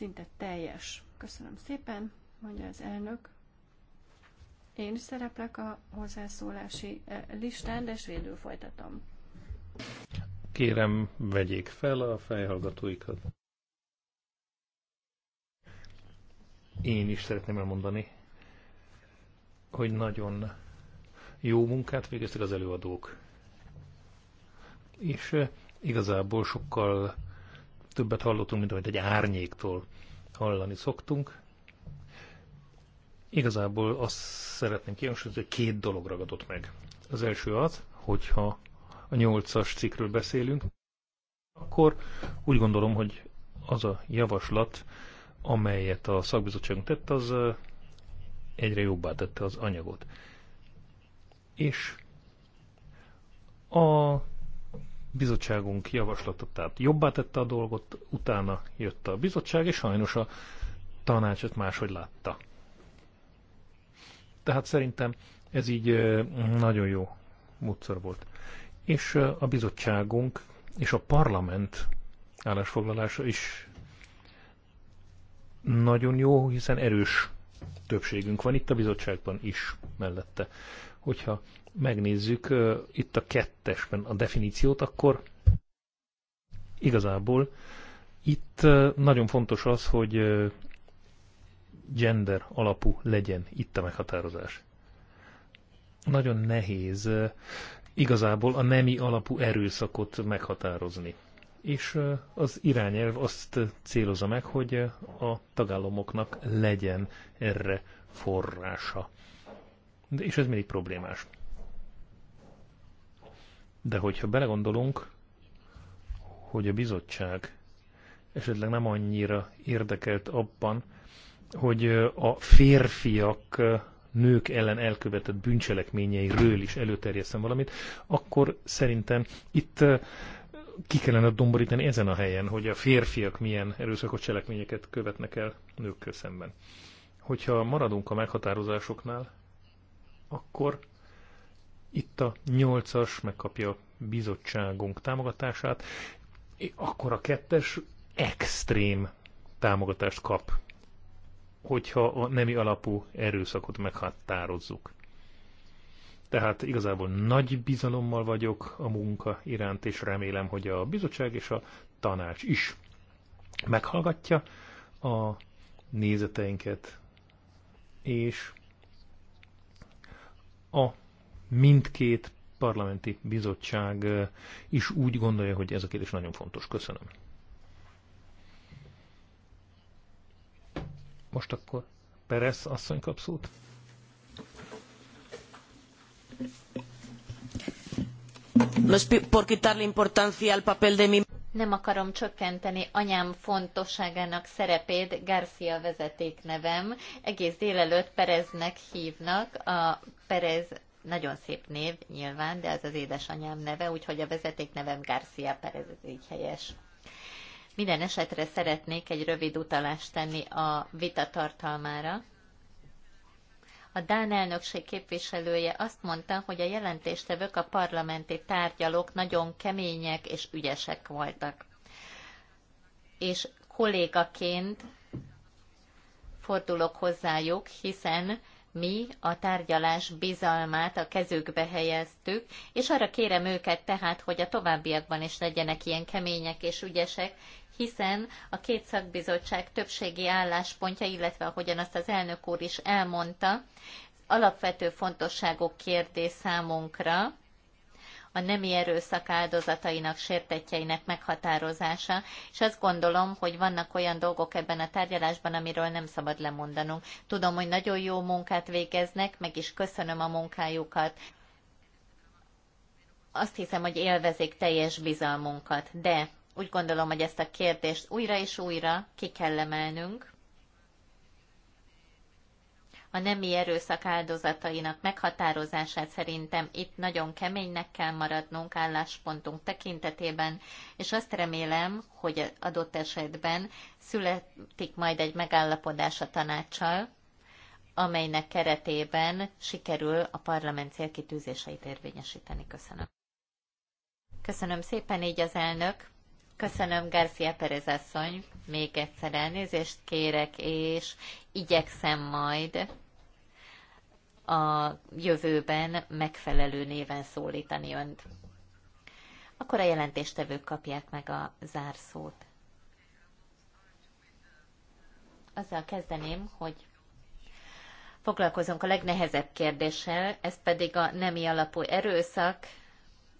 szinte teljes. Köszönöm szépen, mondja az elnök. Én is szereplek a hozzászólási eh, listán, de svédül folytatom. Kérem, vegyék fel a fejhallgatóikat. Én is szeretném elmondani, hogy nagyon jó munkát végeztek az előadók. És eh, igazából sokkal többet hallottunk, mint amit egy árnyéktól hallani szoktunk. Igazából azt szeretném kihangsúlyozni, hogy két dolog ragadott meg. Az első az, hogyha a nyolcas cikkről beszélünk, akkor úgy gondolom, hogy az a javaslat, amelyet a szakbizottságunk tett, az egyre jobbá tette az anyagot. És a bizottságunk javaslatot, tehát jobbá tette a dolgot, utána jött a bizottság, és sajnos a tanácsot máshogy látta. Tehát szerintem ez így nagyon jó módszer volt. És a bizottságunk és a parlament állásfoglalása is nagyon jó, hiszen erős többségünk van itt a bizottságban is mellette. Hogyha megnézzük itt a kettesben a definíciót, akkor igazából itt nagyon fontos az, hogy gender alapú legyen itt a meghatározás. Nagyon nehéz igazából a nemi alapú erőszakot meghatározni. És az irányelv azt célozza meg, hogy a tagállamoknak legyen erre forrása. De, és ez mindig problémás. De hogyha belegondolunk, hogy a bizottság esetleg nem annyira érdekelt abban, hogy a férfiak nők ellen elkövetett bűncselekményeiről is előterjesztem valamit, akkor szerintem itt ki kellene domborítani ezen a helyen, hogy a férfiak milyen erőszakos cselekményeket követnek el nőkkel szemben. Hogyha maradunk a meghatározásoknál, akkor itt a nyolcas megkapja a bizottságunk támogatását, akkor a kettes extrém támogatást kap, hogyha a nemi alapú erőszakot meghatározzuk. Tehát igazából nagy bizalommal vagyok a munka iránt, és remélem, hogy a bizottság és a tanács is meghallgatja a nézeteinket, és a mindkét parlamenti bizottság is úgy gondolja, hogy ez a kérdés nagyon fontos. Köszönöm. Most akkor Peres asszony kap szót. Nem akarom csökkenteni anyám fontosságának szerepét, Garcia vezeték nevem. Egész délelőtt Pereznek hívnak, a Perez nagyon szép név nyilván, de az az édesanyám neve, úgyhogy a vezeték nevem Garcia Perez, ez így helyes. Minden esetre szeretnék egy rövid utalást tenni a vita tartalmára. A Dán elnökség képviselője azt mondta, hogy a jelentéstevők a parlamenti tárgyalók nagyon kemények és ügyesek voltak. És kollégaként fordulok hozzájuk, hiszen mi a tárgyalás bizalmát a kezükbe helyeztük, és arra kérem őket tehát, hogy a továbbiakban is legyenek ilyen kemények és ügyesek, hiszen a két szakbizottság többségi álláspontja, illetve ahogyan azt az elnök úr is elmondta, alapvető fontosságú kérdés számunkra, a nemi erőszak áldozatainak, sértetjeinek meghatározása, és azt gondolom, hogy vannak olyan dolgok ebben a tárgyalásban, amiről nem szabad lemondanunk. Tudom, hogy nagyon jó munkát végeznek, meg is köszönöm a munkájukat. Azt hiszem, hogy élvezik teljes bizalmunkat, de úgy gondolom, hogy ezt a kérdést újra és újra ki kell emelnünk, a nemi erőszak áldozatainak meghatározását szerintem itt nagyon keménynek kell maradnunk álláspontunk tekintetében, és azt remélem, hogy adott esetben születik majd egy megállapodás a tanácssal, amelynek keretében sikerül a parlament célkitűzéseit érvényesíteni. Köszönöm. Köszönöm szépen, így az elnök. Köszönöm, Garcia Perez asszony. Még egyszer elnézést kérek, és igyekszem majd a jövőben megfelelő néven szólítani önt. Akkor a jelentéstevők kapják meg a zárszót. Azzal kezdeném, hogy foglalkozunk a legnehezebb kérdéssel, ez pedig a nemi alapú erőszak,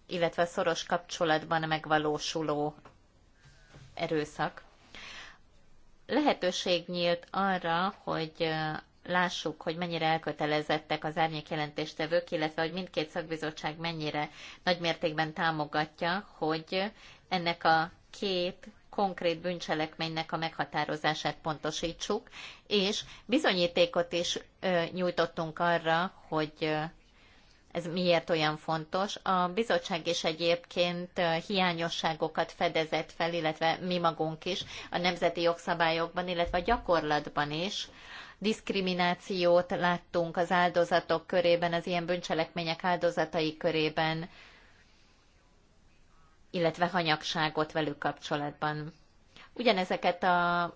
illetve a szoros kapcsolatban megvalósuló erőszak. Lehetőség nyílt arra, hogy lássuk, hogy mennyire elkötelezettek az árnyékjelentéstevők, illetve hogy mindkét szakbizottság mennyire nagymértékben támogatja, hogy ennek a két konkrét bűncselekménynek a meghatározását pontosítsuk, és bizonyítékot is nyújtottunk arra, hogy ez miért olyan fontos. A bizottság is egyébként hiányosságokat fedezett fel, illetve mi magunk is a nemzeti jogszabályokban, illetve a gyakorlatban is diszkriminációt láttunk az áldozatok körében, az ilyen bűncselekmények áldozatai körében, illetve hanyagságot velük kapcsolatban. Ugyanezeket a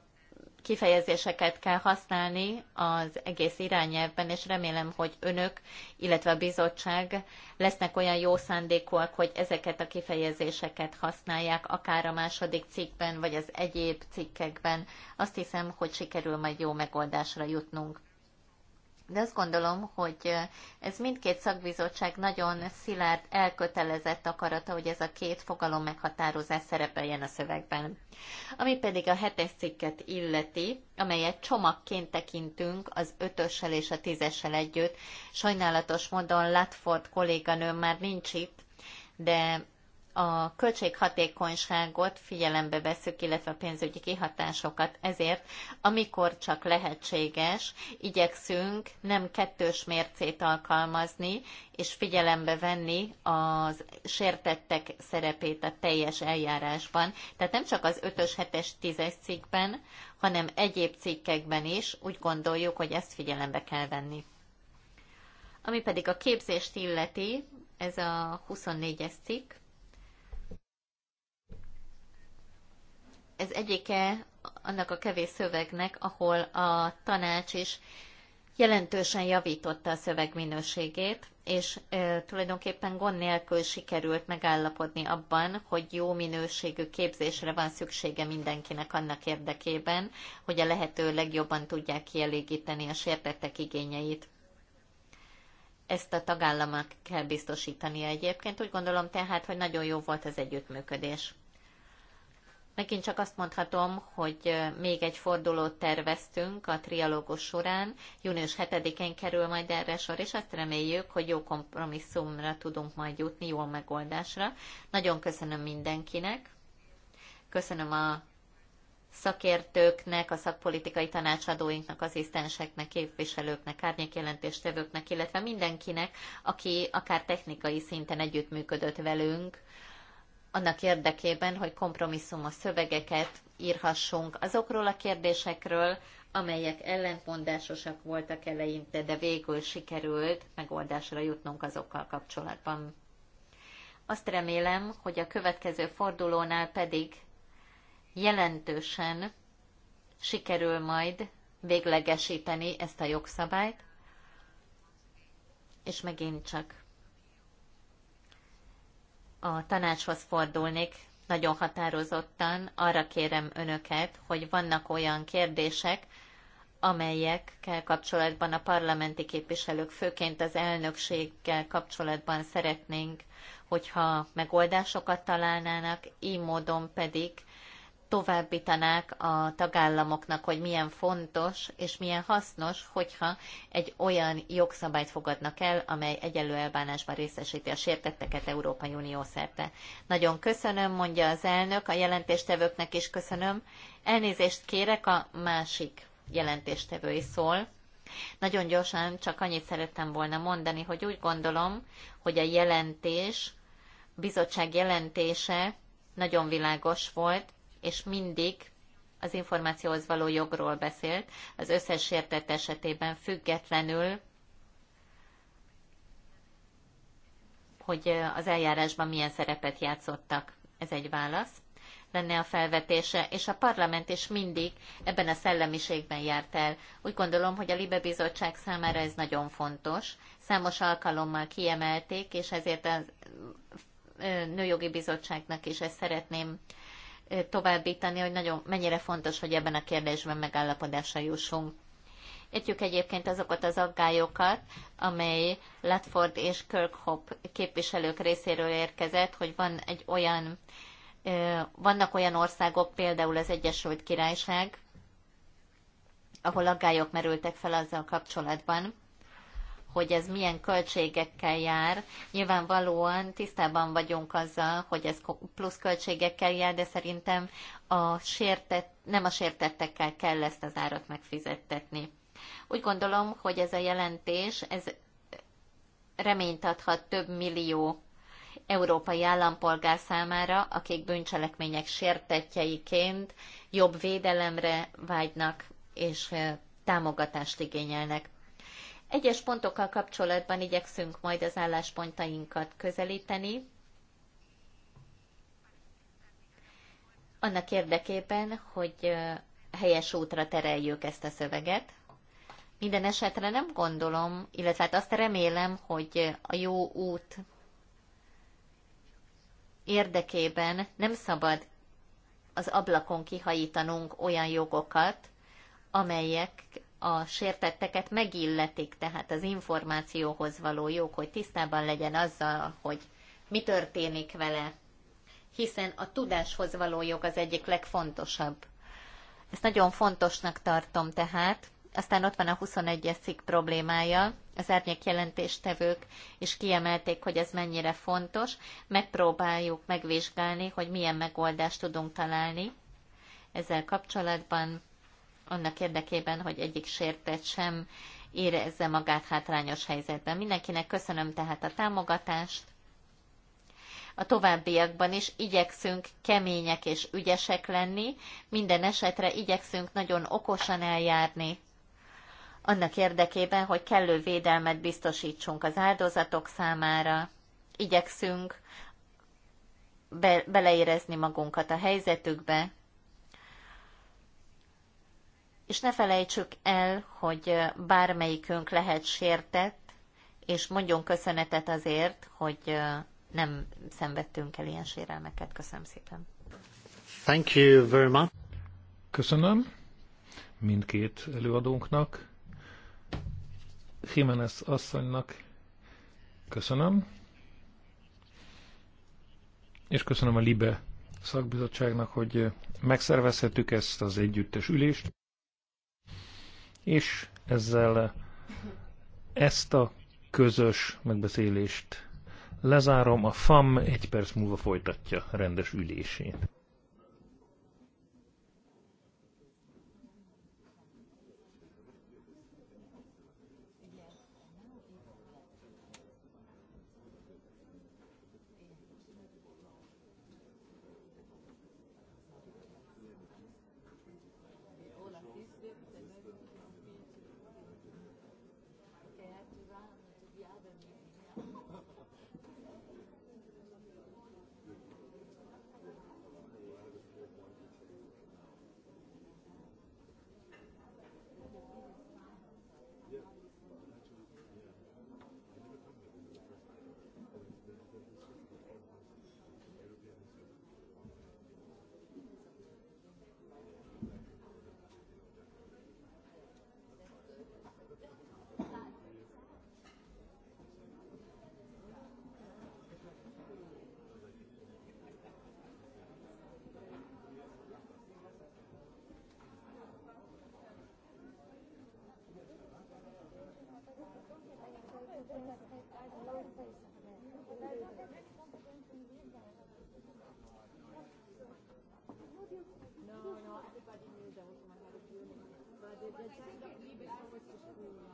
kifejezéseket kell használni az egész irányelvben, és remélem, hogy önök, illetve a bizottság lesznek olyan jó szándékúak, hogy ezeket a kifejezéseket használják, akár a második cikkben, vagy az egyéb cikkekben. Azt hiszem, hogy sikerül majd jó megoldásra jutnunk. De azt gondolom, hogy ez mindkét szakbizottság nagyon szilárd, elkötelezett akarata, hogy ez a két fogalom meghatározás szerepeljen a szövegben. Ami pedig a hetes cikket illeti, amelyet csomagként tekintünk az ötössel és a tízessel együtt. Sajnálatos módon Latford kolléganőm már nincs itt, de a költséghatékonyságot figyelembe veszük, illetve a pénzügyi kihatásokat. Ezért, amikor csak lehetséges, igyekszünk nem kettős mércét alkalmazni, és figyelembe venni az sértettek szerepét a teljes eljárásban. Tehát nem csak az 5-ös, 7-es, 10-es cikkben, hanem egyéb cikkekben is úgy gondoljuk, hogy ezt figyelembe kell venni. Ami pedig a képzést illeti, ez a 24-es cikk, ez egyike annak a kevés szövegnek, ahol a tanács is jelentősen javította a szöveg minőségét, és e, tulajdonképpen gond nélkül sikerült megállapodni abban, hogy jó minőségű képzésre van szüksége mindenkinek annak érdekében, hogy a lehető legjobban tudják kielégíteni a sértettek igényeit. Ezt a tagállamnak kell biztosítania egyébként. Úgy gondolom tehát, hogy nagyon jó volt az együttműködés. Megint csak azt mondhatom, hogy még egy fordulót terveztünk a trialógus során. Június 7-én kerül majd erre sor, és azt reméljük, hogy jó kompromisszumra tudunk majd jutni, jó megoldásra. Nagyon köszönöm mindenkinek. Köszönöm a szakértőknek, a szakpolitikai tanácsadóinknak, asszisztenseknek, képviselőknek, árnyékjelentéstevőknek, illetve mindenkinek, aki akár technikai szinten együttműködött velünk annak érdekében, hogy kompromisszumos szövegeket írhassunk azokról a kérdésekről, amelyek ellentmondásosak voltak eleinte, de végül sikerült megoldásra jutnunk azokkal kapcsolatban. Azt remélem, hogy a következő fordulónál pedig jelentősen sikerül majd véglegesíteni ezt a jogszabályt, és megint csak a tanácshoz fordulnék nagyon határozottan. Arra kérem önöket, hogy vannak olyan kérdések, amelyekkel kapcsolatban a parlamenti képviselők, főként az elnökséggel kapcsolatban szeretnénk, hogyha megoldásokat találnának, így módon pedig továbbítanák a tagállamoknak, hogy milyen fontos és milyen hasznos, hogyha egy olyan jogszabályt fogadnak el, amely egyenlő elbánásban részesíti a sértetteket Európai Unió szerte. Nagyon köszönöm, mondja az elnök, a jelentéstevőknek is köszönöm. Elnézést kérek, a másik jelentéstevő is szól. Nagyon gyorsan csak annyit szerettem volna mondani, hogy úgy gondolom, hogy a jelentés, bizottság jelentése nagyon világos volt, és mindig az információhoz való jogról beszélt, az összes sértett esetében függetlenül, hogy az eljárásban milyen szerepet játszottak. Ez egy válasz lenne a felvetése, és a parlament is mindig ebben a szellemiségben járt el. Úgy gondolom, hogy a Libe Bizottság számára ez nagyon fontos. Számos alkalommal kiemelték, és ezért a Nőjogi Bizottságnak is ezt szeretném továbbítani, hogy nagyon mennyire fontos, hogy ebben a kérdésben megállapodásra jussunk. Értjük egyébként azokat az aggályokat, amely Latford és Kirkhope képviselők részéről érkezett, hogy van egy olyan, vannak olyan országok, például az Egyesült Királyság, ahol aggályok merültek fel azzal kapcsolatban, hogy ez milyen költségekkel jár. Nyilvánvalóan tisztában vagyunk azzal, hogy ez plusz költségekkel jár, de szerintem a sértett, nem a sértettekkel kell ezt az árat megfizettetni. Úgy gondolom, hogy ez a jelentés ez reményt adhat több millió európai állampolgár számára, akik bűncselekmények sértetjeiként jobb védelemre vágynak és támogatást igényelnek. Egyes pontokkal kapcsolatban igyekszünk majd az álláspontainkat közelíteni, annak érdekében, hogy helyes útra tereljük ezt a szöveget. Minden esetre nem gondolom, illetve hát azt remélem, hogy a jó út érdekében nem szabad az ablakon kihajítanunk olyan jogokat, amelyek a sértetteket megilletik, tehát az információhoz való jog, hogy tisztában legyen azzal, hogy mi történik vele, hiszen a tudáshoz való jog az egyik legfontosabb. Ezt nagyon fontosnak tartom tehát. Aztán ott van a 21-es cikk problémája, az árnyék jelentéstevők is kiemelték, hogy ez mennyire fontos. Megpróbáljuk megvizsgálni, hogy milyen megoldást tudunk találni ezzel kapcsolatban annak érdekében, hogy egyik sértett sem érezze magát hátrányos helyzetben. Mindenkinek köszönöm tehát a támogatást. A továbbiakban is igyekszünk kemények és ügyesek lenni, minden esetre igyekszünk nagyon okosan eljárni, annak érdekében, hogy kellő védelmet biztosítsunk az áldozatok számára. Igyekszünk be, beleérezni magunkat a helyzetükbe, és ne felejtsük el, hogy bármelyikünk lehet sértett, és mondjon köszönetet azért, hogy nem szenvedtünk el ilyen sérelmeket. Köszönöm szépen. Thank you very much. Köszönöm mindkét előadónknak. Jimenez asszonynak köszönöm, és köszönöm a LIBE szakbizottságnak, hogy megszervezhetük ezt az együttes ülést és ezzel ezt a közös megbeszélést lezárom. A FAM egy perc múlva folytatja rendes ülését. Спасибо.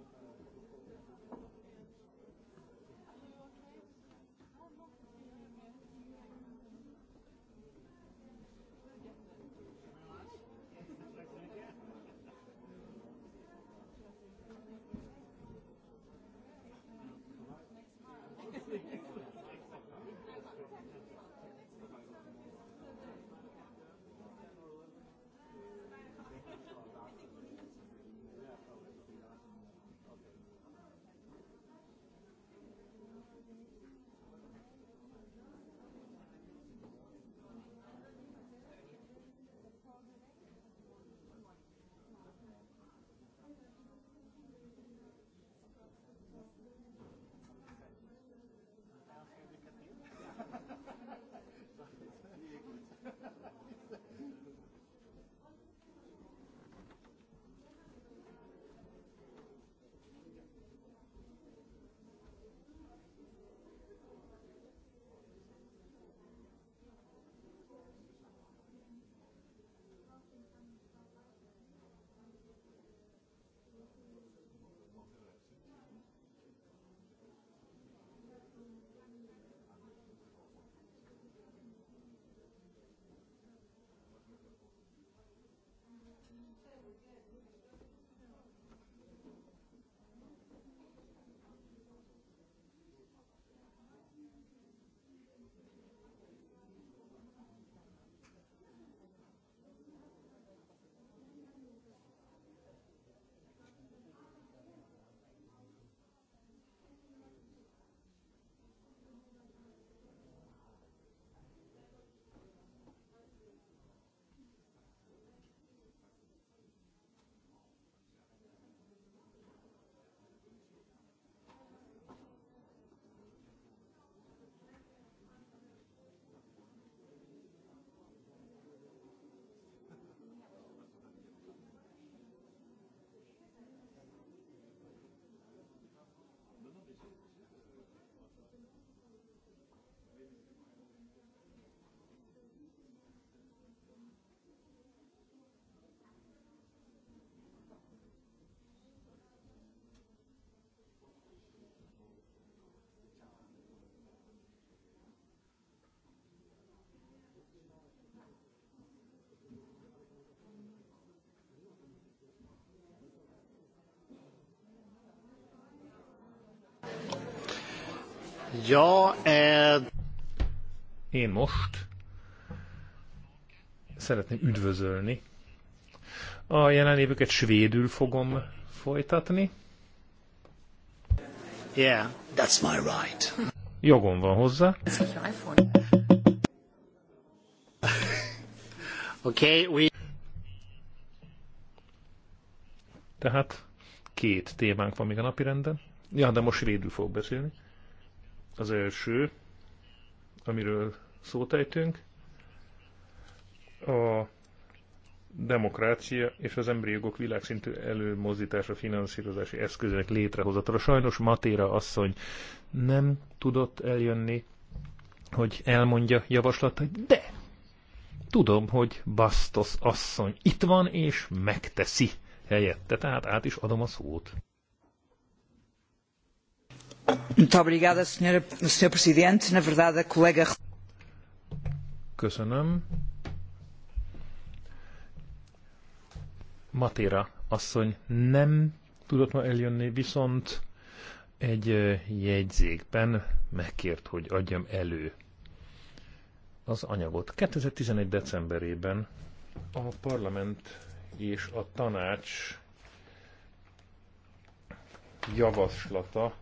Ja, eh... Én most szeretném üdvözölni. A jelenlévőket svédül fogom folytatni. Yeah, that's my right. Jogom van hozzá. okay, we... Tehát két témánk van még a napirenden. Ja, de most svédül fog beszélni az első, amiről szót ejtünk, a demokrácia és az emberi jogok világszintű előmozdítása finanszírozási eszközének létrehozatra. Sajnos Matéra asszony nem tudott eljönni, hogy elmondja javaslatait, de tudom, hogy Bastos asszony itt van és megteszi helyette, tehát át is adom a szót. Köszönöm. Matéra asszony nem tudott ma eljönni, viszont egy jegyzékben megkért, hogy adjam elő az anyagot. 2011. decemberében a parlament és a tanács javaslata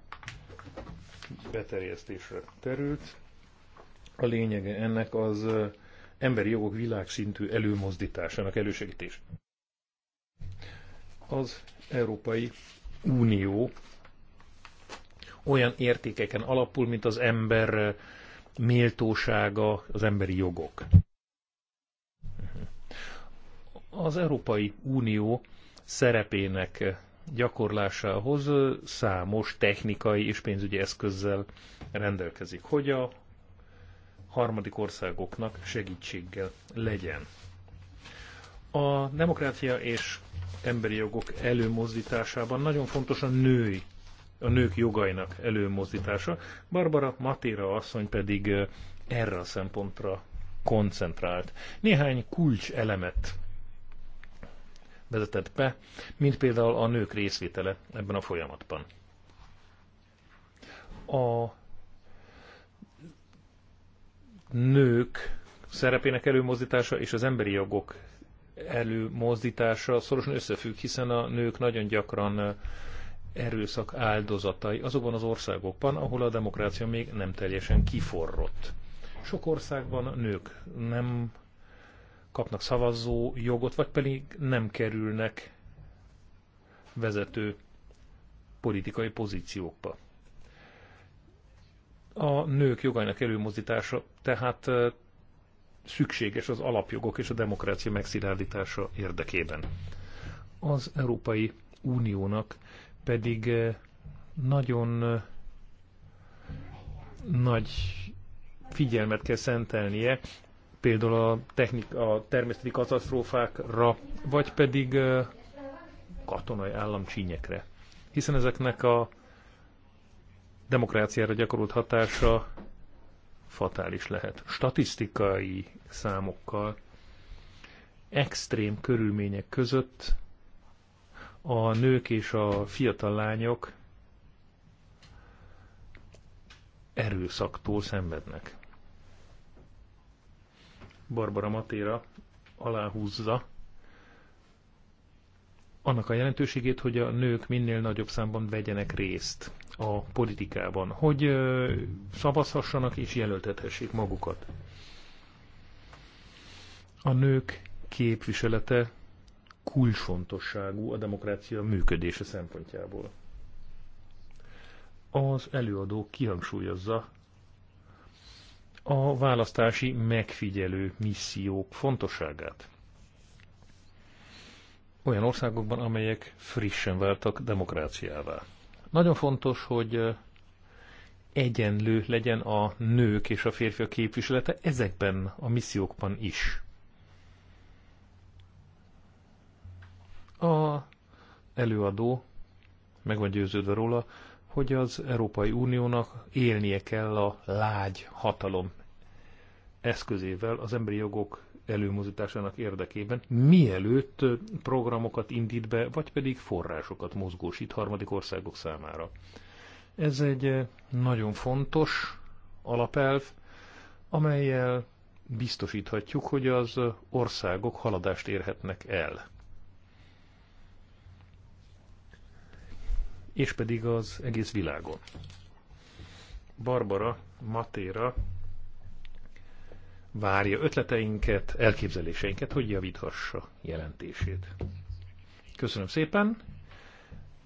beterjesztésre került. A lényege ennek az emberi jogok világszintű előmozdításának elősegítés. Az Európai Unió olyan értékeken alapul, mint az ember méltósága, az emberi jogok. Az Európai Unió szerepének gyakorlásához számos technikai és pénzügyi eszközzel rendelkezik, hogy a harmadik országoknak segítséggel legyen. A demokrácia és emberi jogok előmozdításában nagyon fontos a női, a nők jogainak előmozdítása. Barbara Matéra asszony pedig eh, erre a szempontra koncentrált. Néhány kulcs elemet vezetett be, mint például a nők részvétele ebben a folyamatban. A nők szerepének előmozdítása és az emberi jogok előmozdítása szorosan összefügg, hiszen a nők nagyon gyakran erőszak áldozatai azokban az országokban, ahol a demokrácia még nem teljesen kiforrott. Sok országban nők nem kapnak szavazó jogot, vagy pedig nem kerülnek vezető politikai pozíciókba. A nők jogainak előmozdítása tehát szükséges az alapjogok és a demokrácia megszilárdítása érdekében. Az Európai Uniónak pedig nagyon nagy figyelmet kell szentelnie például a, technik, a természeti katasztrófákra, vagy pedig katonai államcsínyekre. Hiszen ezeknek a demokráciára gyakorolt hatása fatális lehet. Statisztikai számokkal extrém körülmények között a nők és a fiatal lányok erőszaktól szenvednek. Barbara Matéra aláhúzza annak a jelentőségét, hogy a nők minél nagyobb számban vegyenek részt a politikában, hogy szavazhassanak és jelöltethessék magukat. A nők képviselete kulcsfontosságú a demokrácia működése szempontjából. Az előadó kihangsúlyozza, a választási megfigyelő missziók fontosságát. Olyan országokban, amelyek frissen váltak demokráciává. Nagyon fontos, hogy egyenlő legyen a nők és a férfiak képviselete ezekben a missziókban is. A előadó meg van győződve róla, hogy az Európai Uniónak élnie kell a lágy hatalom eszközével az emberi jogok előmozdításának érdekében, mielőtt programokat indít be, vagy pedig forrásokat mozgósít harmadik országok számára. Ez egy nagyon fontos alapelv, amelyel biztosíthatjuk, hogy az országok haladást érhetnek el és pedig az egész világon. Barbara Matéra várja ötleteinket, elképzeléseinket, hogy javíthassa jelentését. Köszönöm szépen,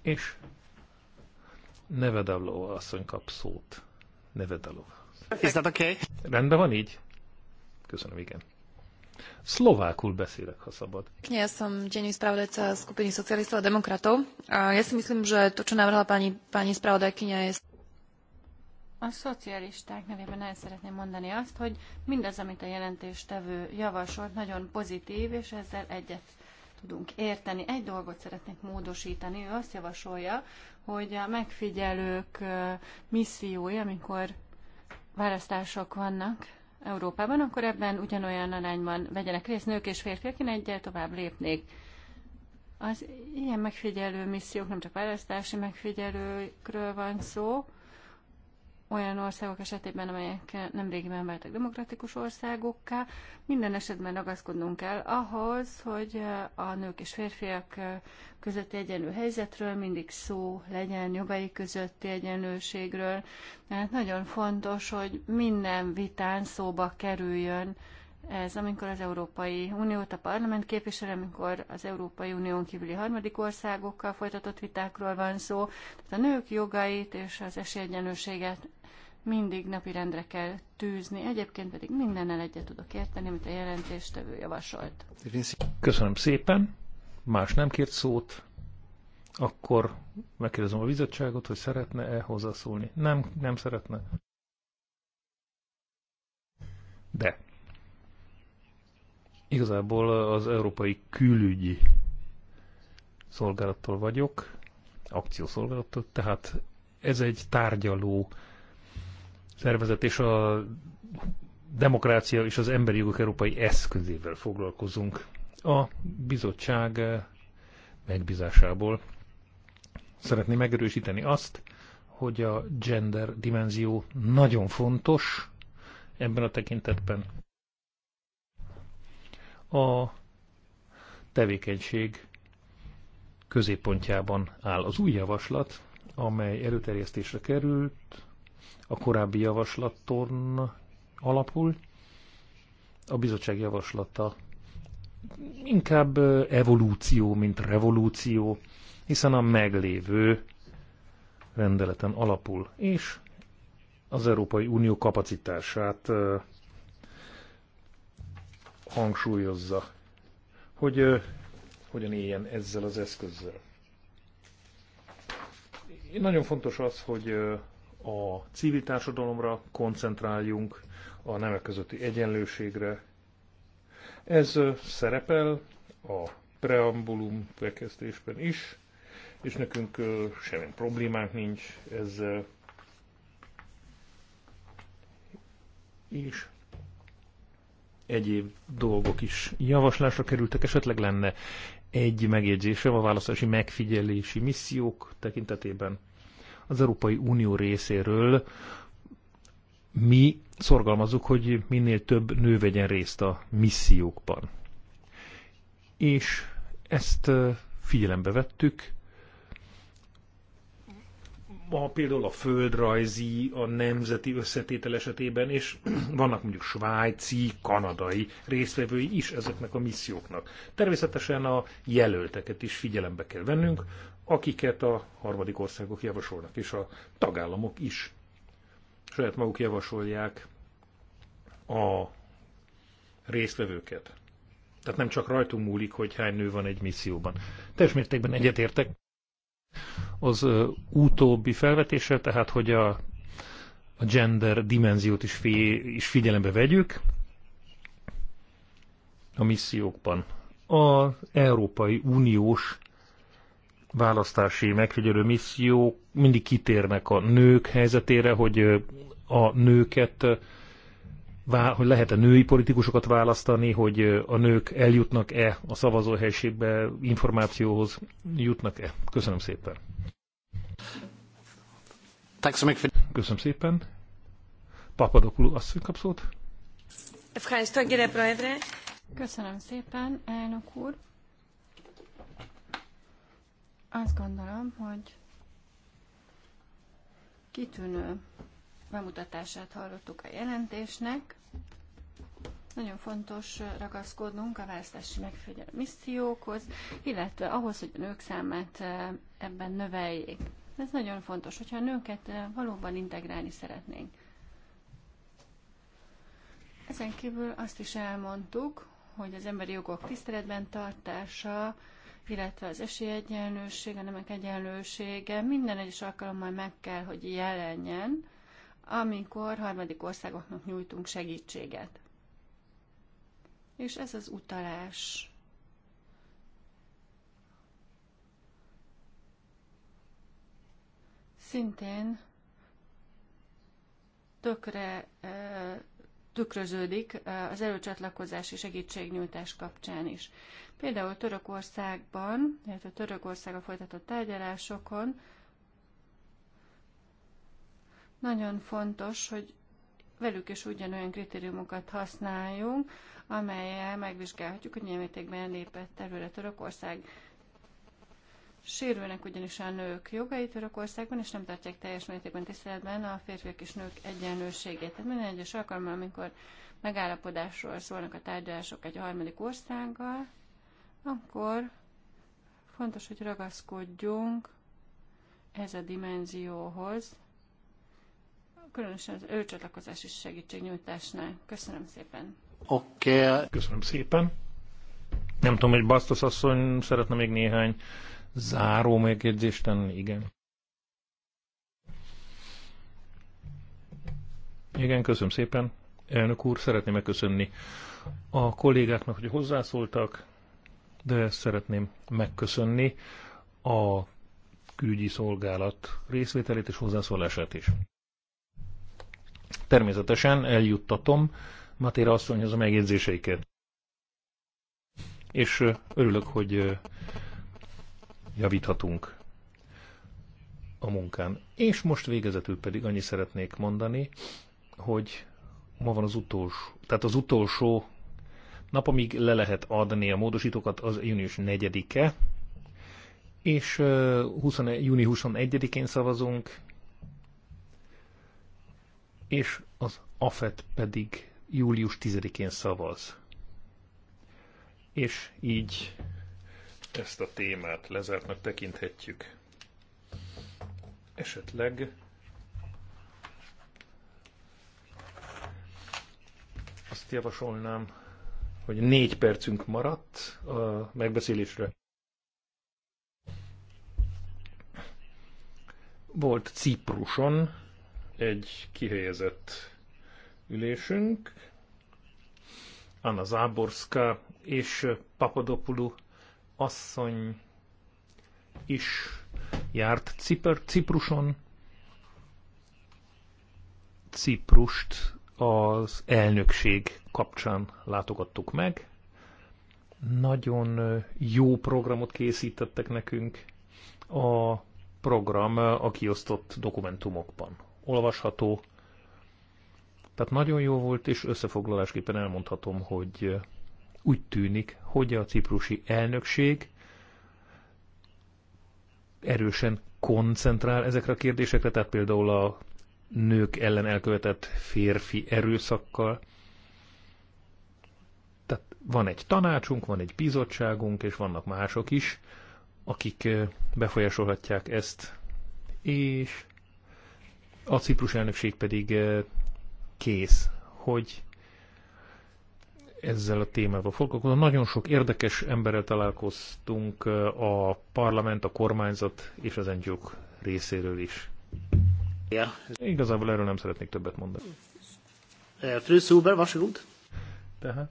és Nevedavlova asszony kap szót. Nevedalova. Is that okay? Rendben van így? Köszönöm, igen. Slovákul beszélek, ha szabad. Ja som deň spravodajca skupiny socialistov a demokratov. A ja si myslím, že to, čo navrhla pani, pani spravodajkynia, je... A szocialisták nevében el szeretném mondani azt, hogy mindaz, amit a jelentéstevő javasolt, nagyon pozitív, és ezzel egyet tudunk érteni. Egy dolgot szeretnék módosítani, ő azt javasolja, hogy a megfigyelők missziója, amikor választások vannak, Európában, akkor ebben ugyanolyan arányban vegyenek részt nők és férfiak, én egyel tovább lépnék. Az ilyen megfigyelő missziók, nem csak választási megfigyelőkről van szó, olyan országok esetében, amelyek nemrégiben váltak demokratikus országokká, minden esetben ragaszkodnunk kell ahhoz, hogy a nők és férfiak közötti egyenlő helyzetről mindig szó legyen, jogai közötti egyenlőségről. Tehát nagyon fontos, hogy minden vitán szóba kerüljön ez, amikor az Európai Uniót a parlament képvisel, amikor az Európai Unión kívüli harmadik országokkal folytatott vitákról van szó. Tehát a nők jogait és az esélyegyenlőséget mindig napirendre kell tűzni, egyébként pedig mindennel egyet tudok érteni, amit a jelentéstevő javasolt. Köszönöm szépen, más nem kért szót, akkor megkérdezem a bizottságot, hogy szeretne-e hozzászólni. Nem, nem szeretne. De Igazából az Európai Külügyi Szolgálattól vagyok, akciószolgálattól, tehát ez egy tárgyaló szervezet, és a demokrácia és az emberi jogok európai eszközével foglalkozunk. A bizottság megbízásából szeretné megerősíteni azt, hogy a gender dimenzió nagyon fontos ebben a tekintetben a tevékenység középpontjában áll. Az új javaslat, amely előterjesztésre került, a korábbi javaslaton alapul, a bizottság javaslata inkább evolúció, mint revolúció, hiszen a meglévő rendeleten alapul, és az Európai Unió kapacitását hangsúlyozza, hogy ö, hogyan éljen ezzel az eszközzel. Nagyon fontos az, hogy ö, a civil társadalomra koncentráljunk, a nemek közötti egyenlőségre. Ez ö, szerepel a preambulum bekezdésben is, és nekünk semmi problémánk nincs ezzel. És egyéb dolgok is javaslásra kerültek, esetleg lenne egy megjegyzésem a választási megfigyelési missziók tekintetében. Az Európai Unió részéről mi szorgalmazzuk, hogy minél több nő vegyen részt a missziókban. És ezt figyelembe vettük a, például a földrajzi, a nemzeti összetétel esetében, és vannak mondjuk svájci, kanadai résztvevői is ezeknek a misszióknak. Természetesen a jelölteket is figyelembe kell vennünk, akiket a harmadik országok javasolnak, és a tagállamok is saját maguk javasolják a résztvevőket. Tehát nem csak rajtunk múlik, hogy hány nő van egy misszióban. Teljes mértékben egyetértek az utóbbi felvetése, tehát hogy a, a gender dimenziót is, fi, is figyelembe vegyük a missziókban. A Európai Uniós választási megfigyelő missziók mindig kitérnek a nők helyzetére, hogy a nőket hogy lehet a női politikusokat választani, hogy a nők eljutnak-e a szavazóhelységbe, információhoz jutnak-e? Köszönöm szépen. Köszönöm szépen. Papadopoulou asszony kap szót. Köszönöm szépen, elnök úr. Azt gondolom, hogy kitűnő bemutatását hallottuk a jelentésnek. Nagyon fontos ragaszkodnunk a választási megfigyelő missziókhoz, illetve ahhoz, hogy a nők számát eh, ebben növeljék. Ez nagyon fontos, hogyha a nőket eh, valóban integrálni szeretnénk. Ezen kívül azt is elmondtuk, hogy az emberi jogok tiszteletben tartása, illetve az esélyegyenlőség, a nemek egyenlősége minden egyes alkalommal meg kell, hogy jelenjen, amikor harmadik országoknak nyújtunk segítséget. És ez az utalás szintén tökre tükröződik az előcsatlakozási segítségnyújtás kapcsán is. Például Törökországban, illetve Törökországa folytatott tárgyalásokon nagyon fontos, hogy velük is ugyanolyan kritériumokat használjunk, amelyel megvizsgálhatjuk, hogy milyen mértékben lépett előre Törökország. Sérülnek ugyanis a nők jogai Törökországban, és nem tartják teljes mértékben tiszteletben a férfiak és nők egyenlőségét. Tehát minden egyes alkalommal, amikor megállapodásról szólnak a tárgyalások egy harmadik országgal, akkor fontos, hogy ragaszkodjunk ez a dimenzióhoz, különösen az ő és segítségnyújtásnál. Köszönöm szépen. Oké. Okay. Köszönöm szépen. Nem tudom, hogy Basztos asszony szeretne még néhány záró megjegyzést tenni, igen. Igen, köszönöm szépen. Elnök úr, szeretném megköszönni a kollégáknak, hogy hozzászóltak, de szeretném megköszönni a külügyi szolgálat részvételét és hozzászólását is. Természetesen eljuttatom Matéra asszonyhoz a megjegyzéseiket. És örülök, hogy javíthatunk a munkán. És most végezetül pedig annyi szeretnék mondani, hogy ma van az utolsó, tehát az utolsó nap, amíg le lehet adni a módosítókat, az június 4-e, és 20, júni 21-én szavazunk, és az AFET pedig július 10-én szavaz. És így ezt a témát lezártnak tekinthetjük. Esetleg azt javasolnám, hogy négy percünk maradt a megbeszélésre. Volt Cipruson egy kihelyezett ülésünk. Anna Záborszka és Papadopulu asszony is járt Ciper, Cipruson. Ciprust az elnökség kapcsán látogattuk meg. Nagyon jó programot készítettek nekünk. A program a kiosztott dokumentumokban olvasható. Tehát nagyon jó volt, és összefoglalásképpen elmondhatom, hogy úgy tűnik, hogy a ciprusi elnökség erősen koncentrál ezekre a kérdésekre, tehát például a nők ellen elkövetett férfi erőszakkal. Tehát van egy tanácsunk, van egy bizottságunk, és vannak mások is, akik befolyásolhatják ezt, és a ciprus elnökség pedig eh, kész, hogy ezzel a témával foglalkozom. Nagyon sok érdekes emberrel találkoztunk eh, a parlament, a kormányzat és az ngo részéről is. Ja. Igazából erről nem szeretnék többet mondani. Fru eh, Szuber, Tehát?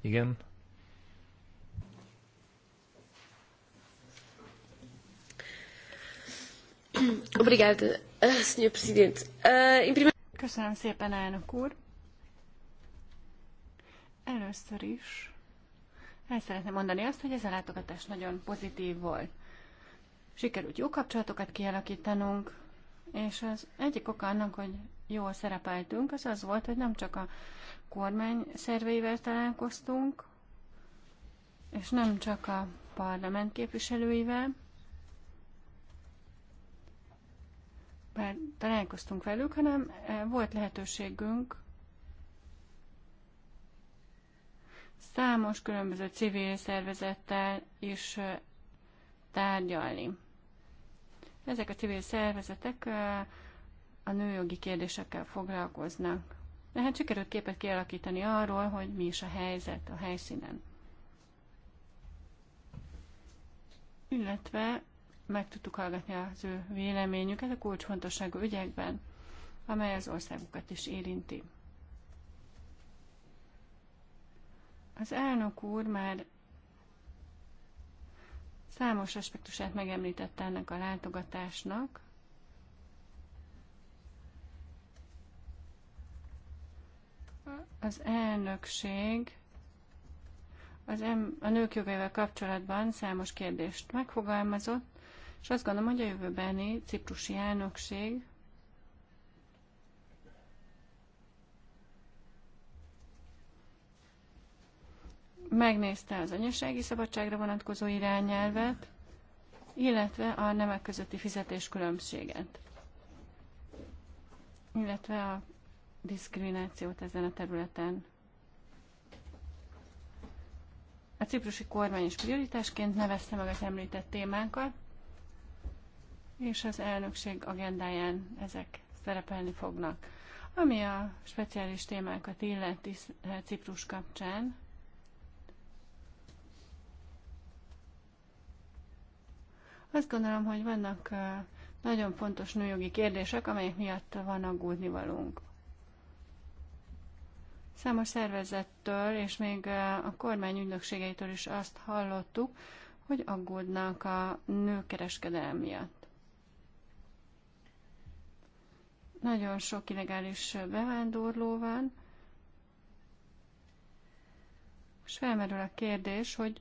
Igen. Obrigado. Eh, eh, Köszönöm szépen, elnök úr. Először is el szeretném mondani azt, hogy ez a látogatás nagyon pozitív volt. Sikerült jó kapcsolatokat kialakítanunk, és az egyik oka annak, hogy jól szerepeltünk, az az volt, hogy nem csak a kormány szerveivel találkoztunk, és nem csak a parlament képviselőivel, bár találkoztunk velük, hanem eh, volt lehetőségünk számos különböző civil szervezettel is eh, tárgyalni. Ezek a civil szervezetek eh, a nőjogi kérdésekkel foglalkoznak. hát sikerült képet kialakítani arról, hogy mi is a helyzet a helyszínen. Illetve meg tudtuk hallgatni az ő véleményüket a kulcsfontosságú ügyekben, amely az országukat is érinti. Az elnök úr már számos aspektusát megemlítette ennek a látogatásnak, az elnökség az em- a nők jogaival kapcsolatban számos kérdést megfogalmazott, és azt gondolom, hogy a jövőbeni ciprusi elnökség megnézte az anyasági szabadságra vonatkozó irányelvet, illetve a nemek közötti fizetés különbséget, illetve a diszkriminációt ezen a területen. A ciprusi kormány is prioritásként nevezte meg az említett témákat, és az elnökség agendáján ezek szerepelni fognak. Ami a speciális témákat illeti Ciprus kapcsán, azt gondolom, hogy vannak nagyon fontos nőjogi kérdések, amelyek miatt van aggódni valunk. Számos szervezettől és még a kormány ügynökségeitől is azt hallottuk, hogy aggódnak a nőkereskedelem miatt. Nagyon sok illegális bevándorló van. És felmerül a kérdés, hogy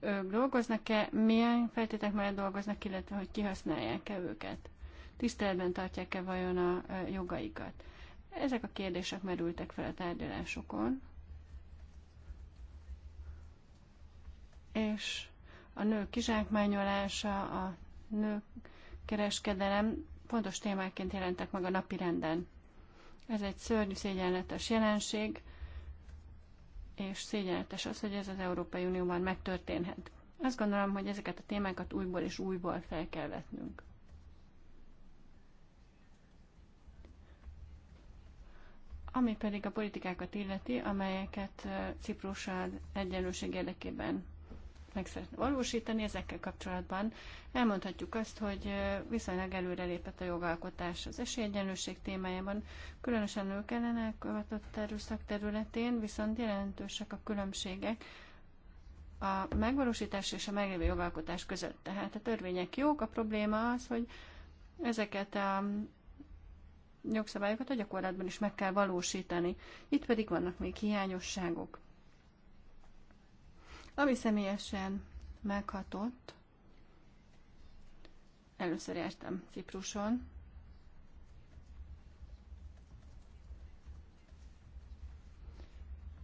ők dolgoznak-e, milyen feltétek mellett dolgoznak, illetve hogy kihasználják-e őket. Tiszteletben tartják-e vajon a jogaikat. Ezek a kérdések merültek fel a tárgyalásokon. És a nők kizsákmányolása, a nők kereskedelem fontos témáként jelentek meg a napi renden. Ez egy szörnyű szégyenletes jelenség, és szégyenletes az, hogy ez az Európai Unióban megtörténhet. Azt gondolom, hogy ezeket a témákat újból és újból fel kell vetnünk. Ami pedig a politikákat illeti, amelyeket eh, Ciprussal egyenlőség érdekében meg szeretne valósítani. Ezekkel kapcsolatban elmondhatjuk azt, hogy viszonylag előrelépett a jogalkotás az esélyegyenlőség témájában, különösen nők ellen elkövetett erőszak területén, viszont jelentősek a különbségek a megvalósítás és a meglévő jogalkotás között. Tehát a törvények jók, a probléma az, hogy ezeket a jogszabályokat a gyakorlatban is meg kell valósítani. Itt pedig vannak még hiányosságok. Ami személyesen meghatott, először jártam Cipruson,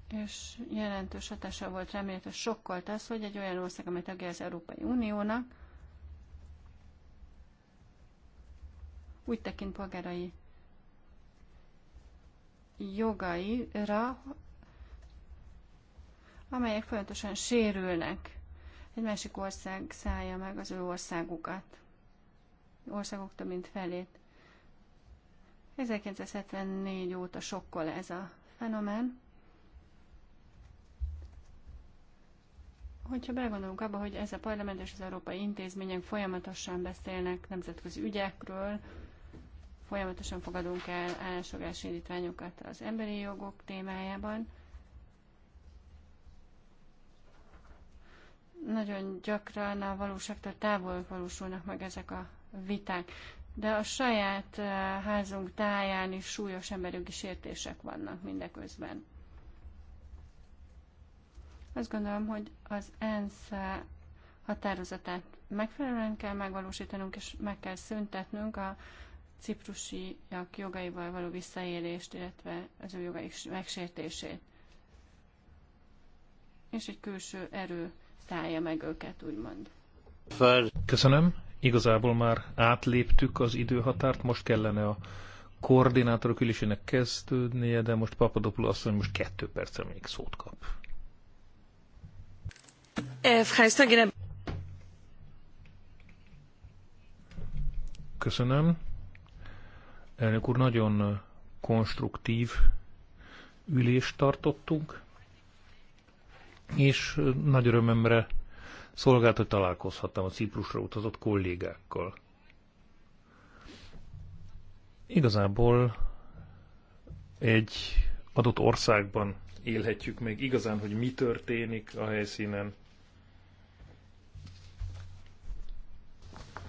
és jelentős hatása volt rám, illetve sokkolt az, hogy egy olyan ország, amely tagja az Európai Uniónak, úgy tekint polgárai jogaira, amelyek folyamatosan sérülnek. Egy másik ország szállja meg az ő országukat. Országok több mint felét. 1974 óta sokkol ez a fenomen. hogyha belegondolunk abba, hogy ez a parlament és az európai intézmények folyamatosan beszélnek nemzetközi ügyekről, folyamatosan fogadunk el állásfoglási indítványokat az emberi jogok témájában, Nagyon gyakran a valóságtól távol valósulnak meg ezek a viták, de a saját eh, házunk táján is súlyos emberi sértések vannak mindeközben. Azt gondolom, hogy az ENSZ eh, határozatát megfelelően kell megvalósítanunk, és meg kell szüntetnünk a ciprusiak jogaival való visszaélést, illetve az ő jogaik megsértését. És egy külső erő szállja meg őket, úgymond. Köszönöm. Igazából már átléptük az időhatárt, most kellene a koordinátorok ülésének kezdődnie, de most papadopoulos azt mondja, most kettő percre még szót kap. Eh, Köszönöm. Elnök úr, nagyon konstruktív ülést tartottunk és nagy örömömre szolgált, hogy találkozhattam a Ciprusra utazott kollégákkal. Igazából egy adott országban élhetjük meg igazán, hogy mi történik a helyszínen.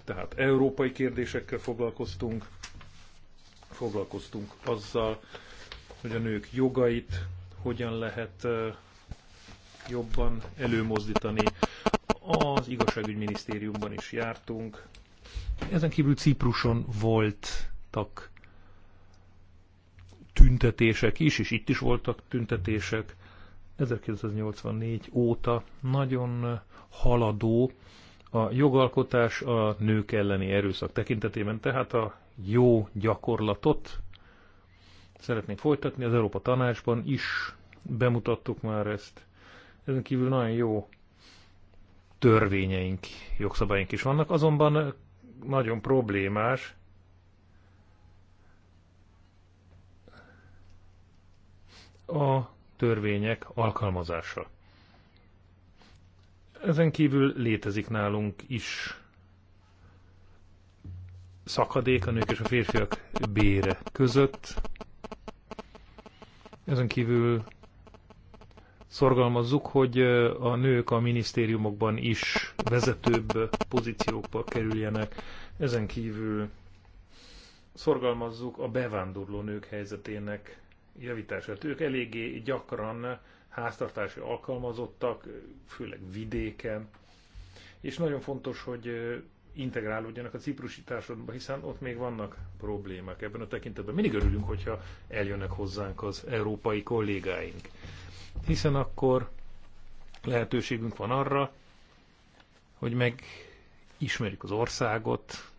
Tehát európai kérdésekkel foglalkoztunk, foglalkoztunk azzal, hogy a nők jogait hogyan lehet eh, jobban előmozdítani. Az igazságügyminisztériumban is jártunk. Ezen kívül Cipruson voltak tüntetések is, és itt is voltak tüntetések. 1984 óta nagyon haladó a jogalkotás a nők elleni erőszak tekintetében, tehát a jó gyakorlatot szeretnénk folytatni. Az Európa Tanácsban is bemutattuk már ezt, ezen kívül nagyon jó törvényeink, jogszabályink is vannak, azonban nagyon problémás, a törvények alkalmazása. Ezen kívül létezik nálunk is szakadék a nők és a férfiak bére között. Ezen kívül szorgalmazzuk, hogy a nők a minisztériumokban is vezetőbb pozíciókba kerüljenek. Ezen kívül szorgalmazzuk a bevándorló nők helyzetének javítását. Ők eléggé gyakran háztartási alkalmazottak, főleg vidéken, és nagyon fontos, hogy integrálódjanak a ciprusi társadalomba, hiszen ott még vannak problémák ebben a tekintetben. Mindig örülünk, hogyha eljönnek hozzánk az európai kollégáink, hiszen akkor lehetőségünk van arra, hogy megismerjük az országot,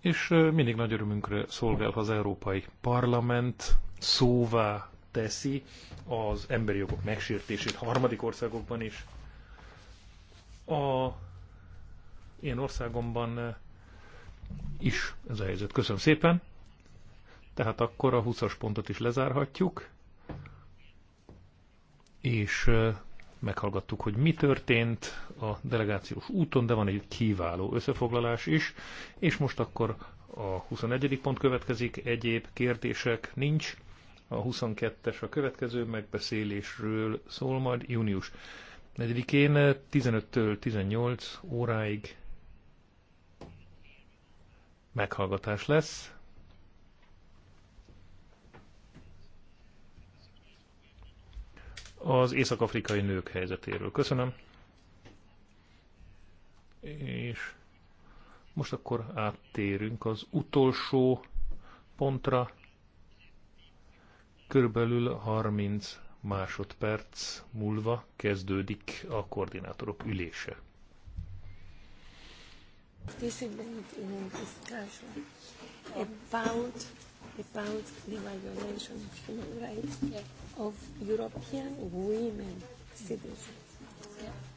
és mindig nagy örömünkre szolgál, ha az Európai Parlament szóvá teszi az emberi jogok megsértését harmadik országokban is. A én országomban eh, is ez a helyzet. Köszönöm szépen. Tehát akkor a 20-as pontot is lezárhatjuk. És eh, meghallgattuk, hogy mi történt a delegációs úton, de van egy kiváló összefoglalás is. És most akkor a 21. pont következik, egyéb kérdések nincs. A 22-es a következő megbeszélésről szól majd június 4 15-től 18 óráig meghallgatás lesz. Az észak-afrikai nők helyzetéről. Köszönöm. És most akkor áttérünk az utolsó pontra. Körülbelül 30 másodperc múlva kezdődik a koordinátorok ülése. about, the violation of human rights of European women citizens. Yeah.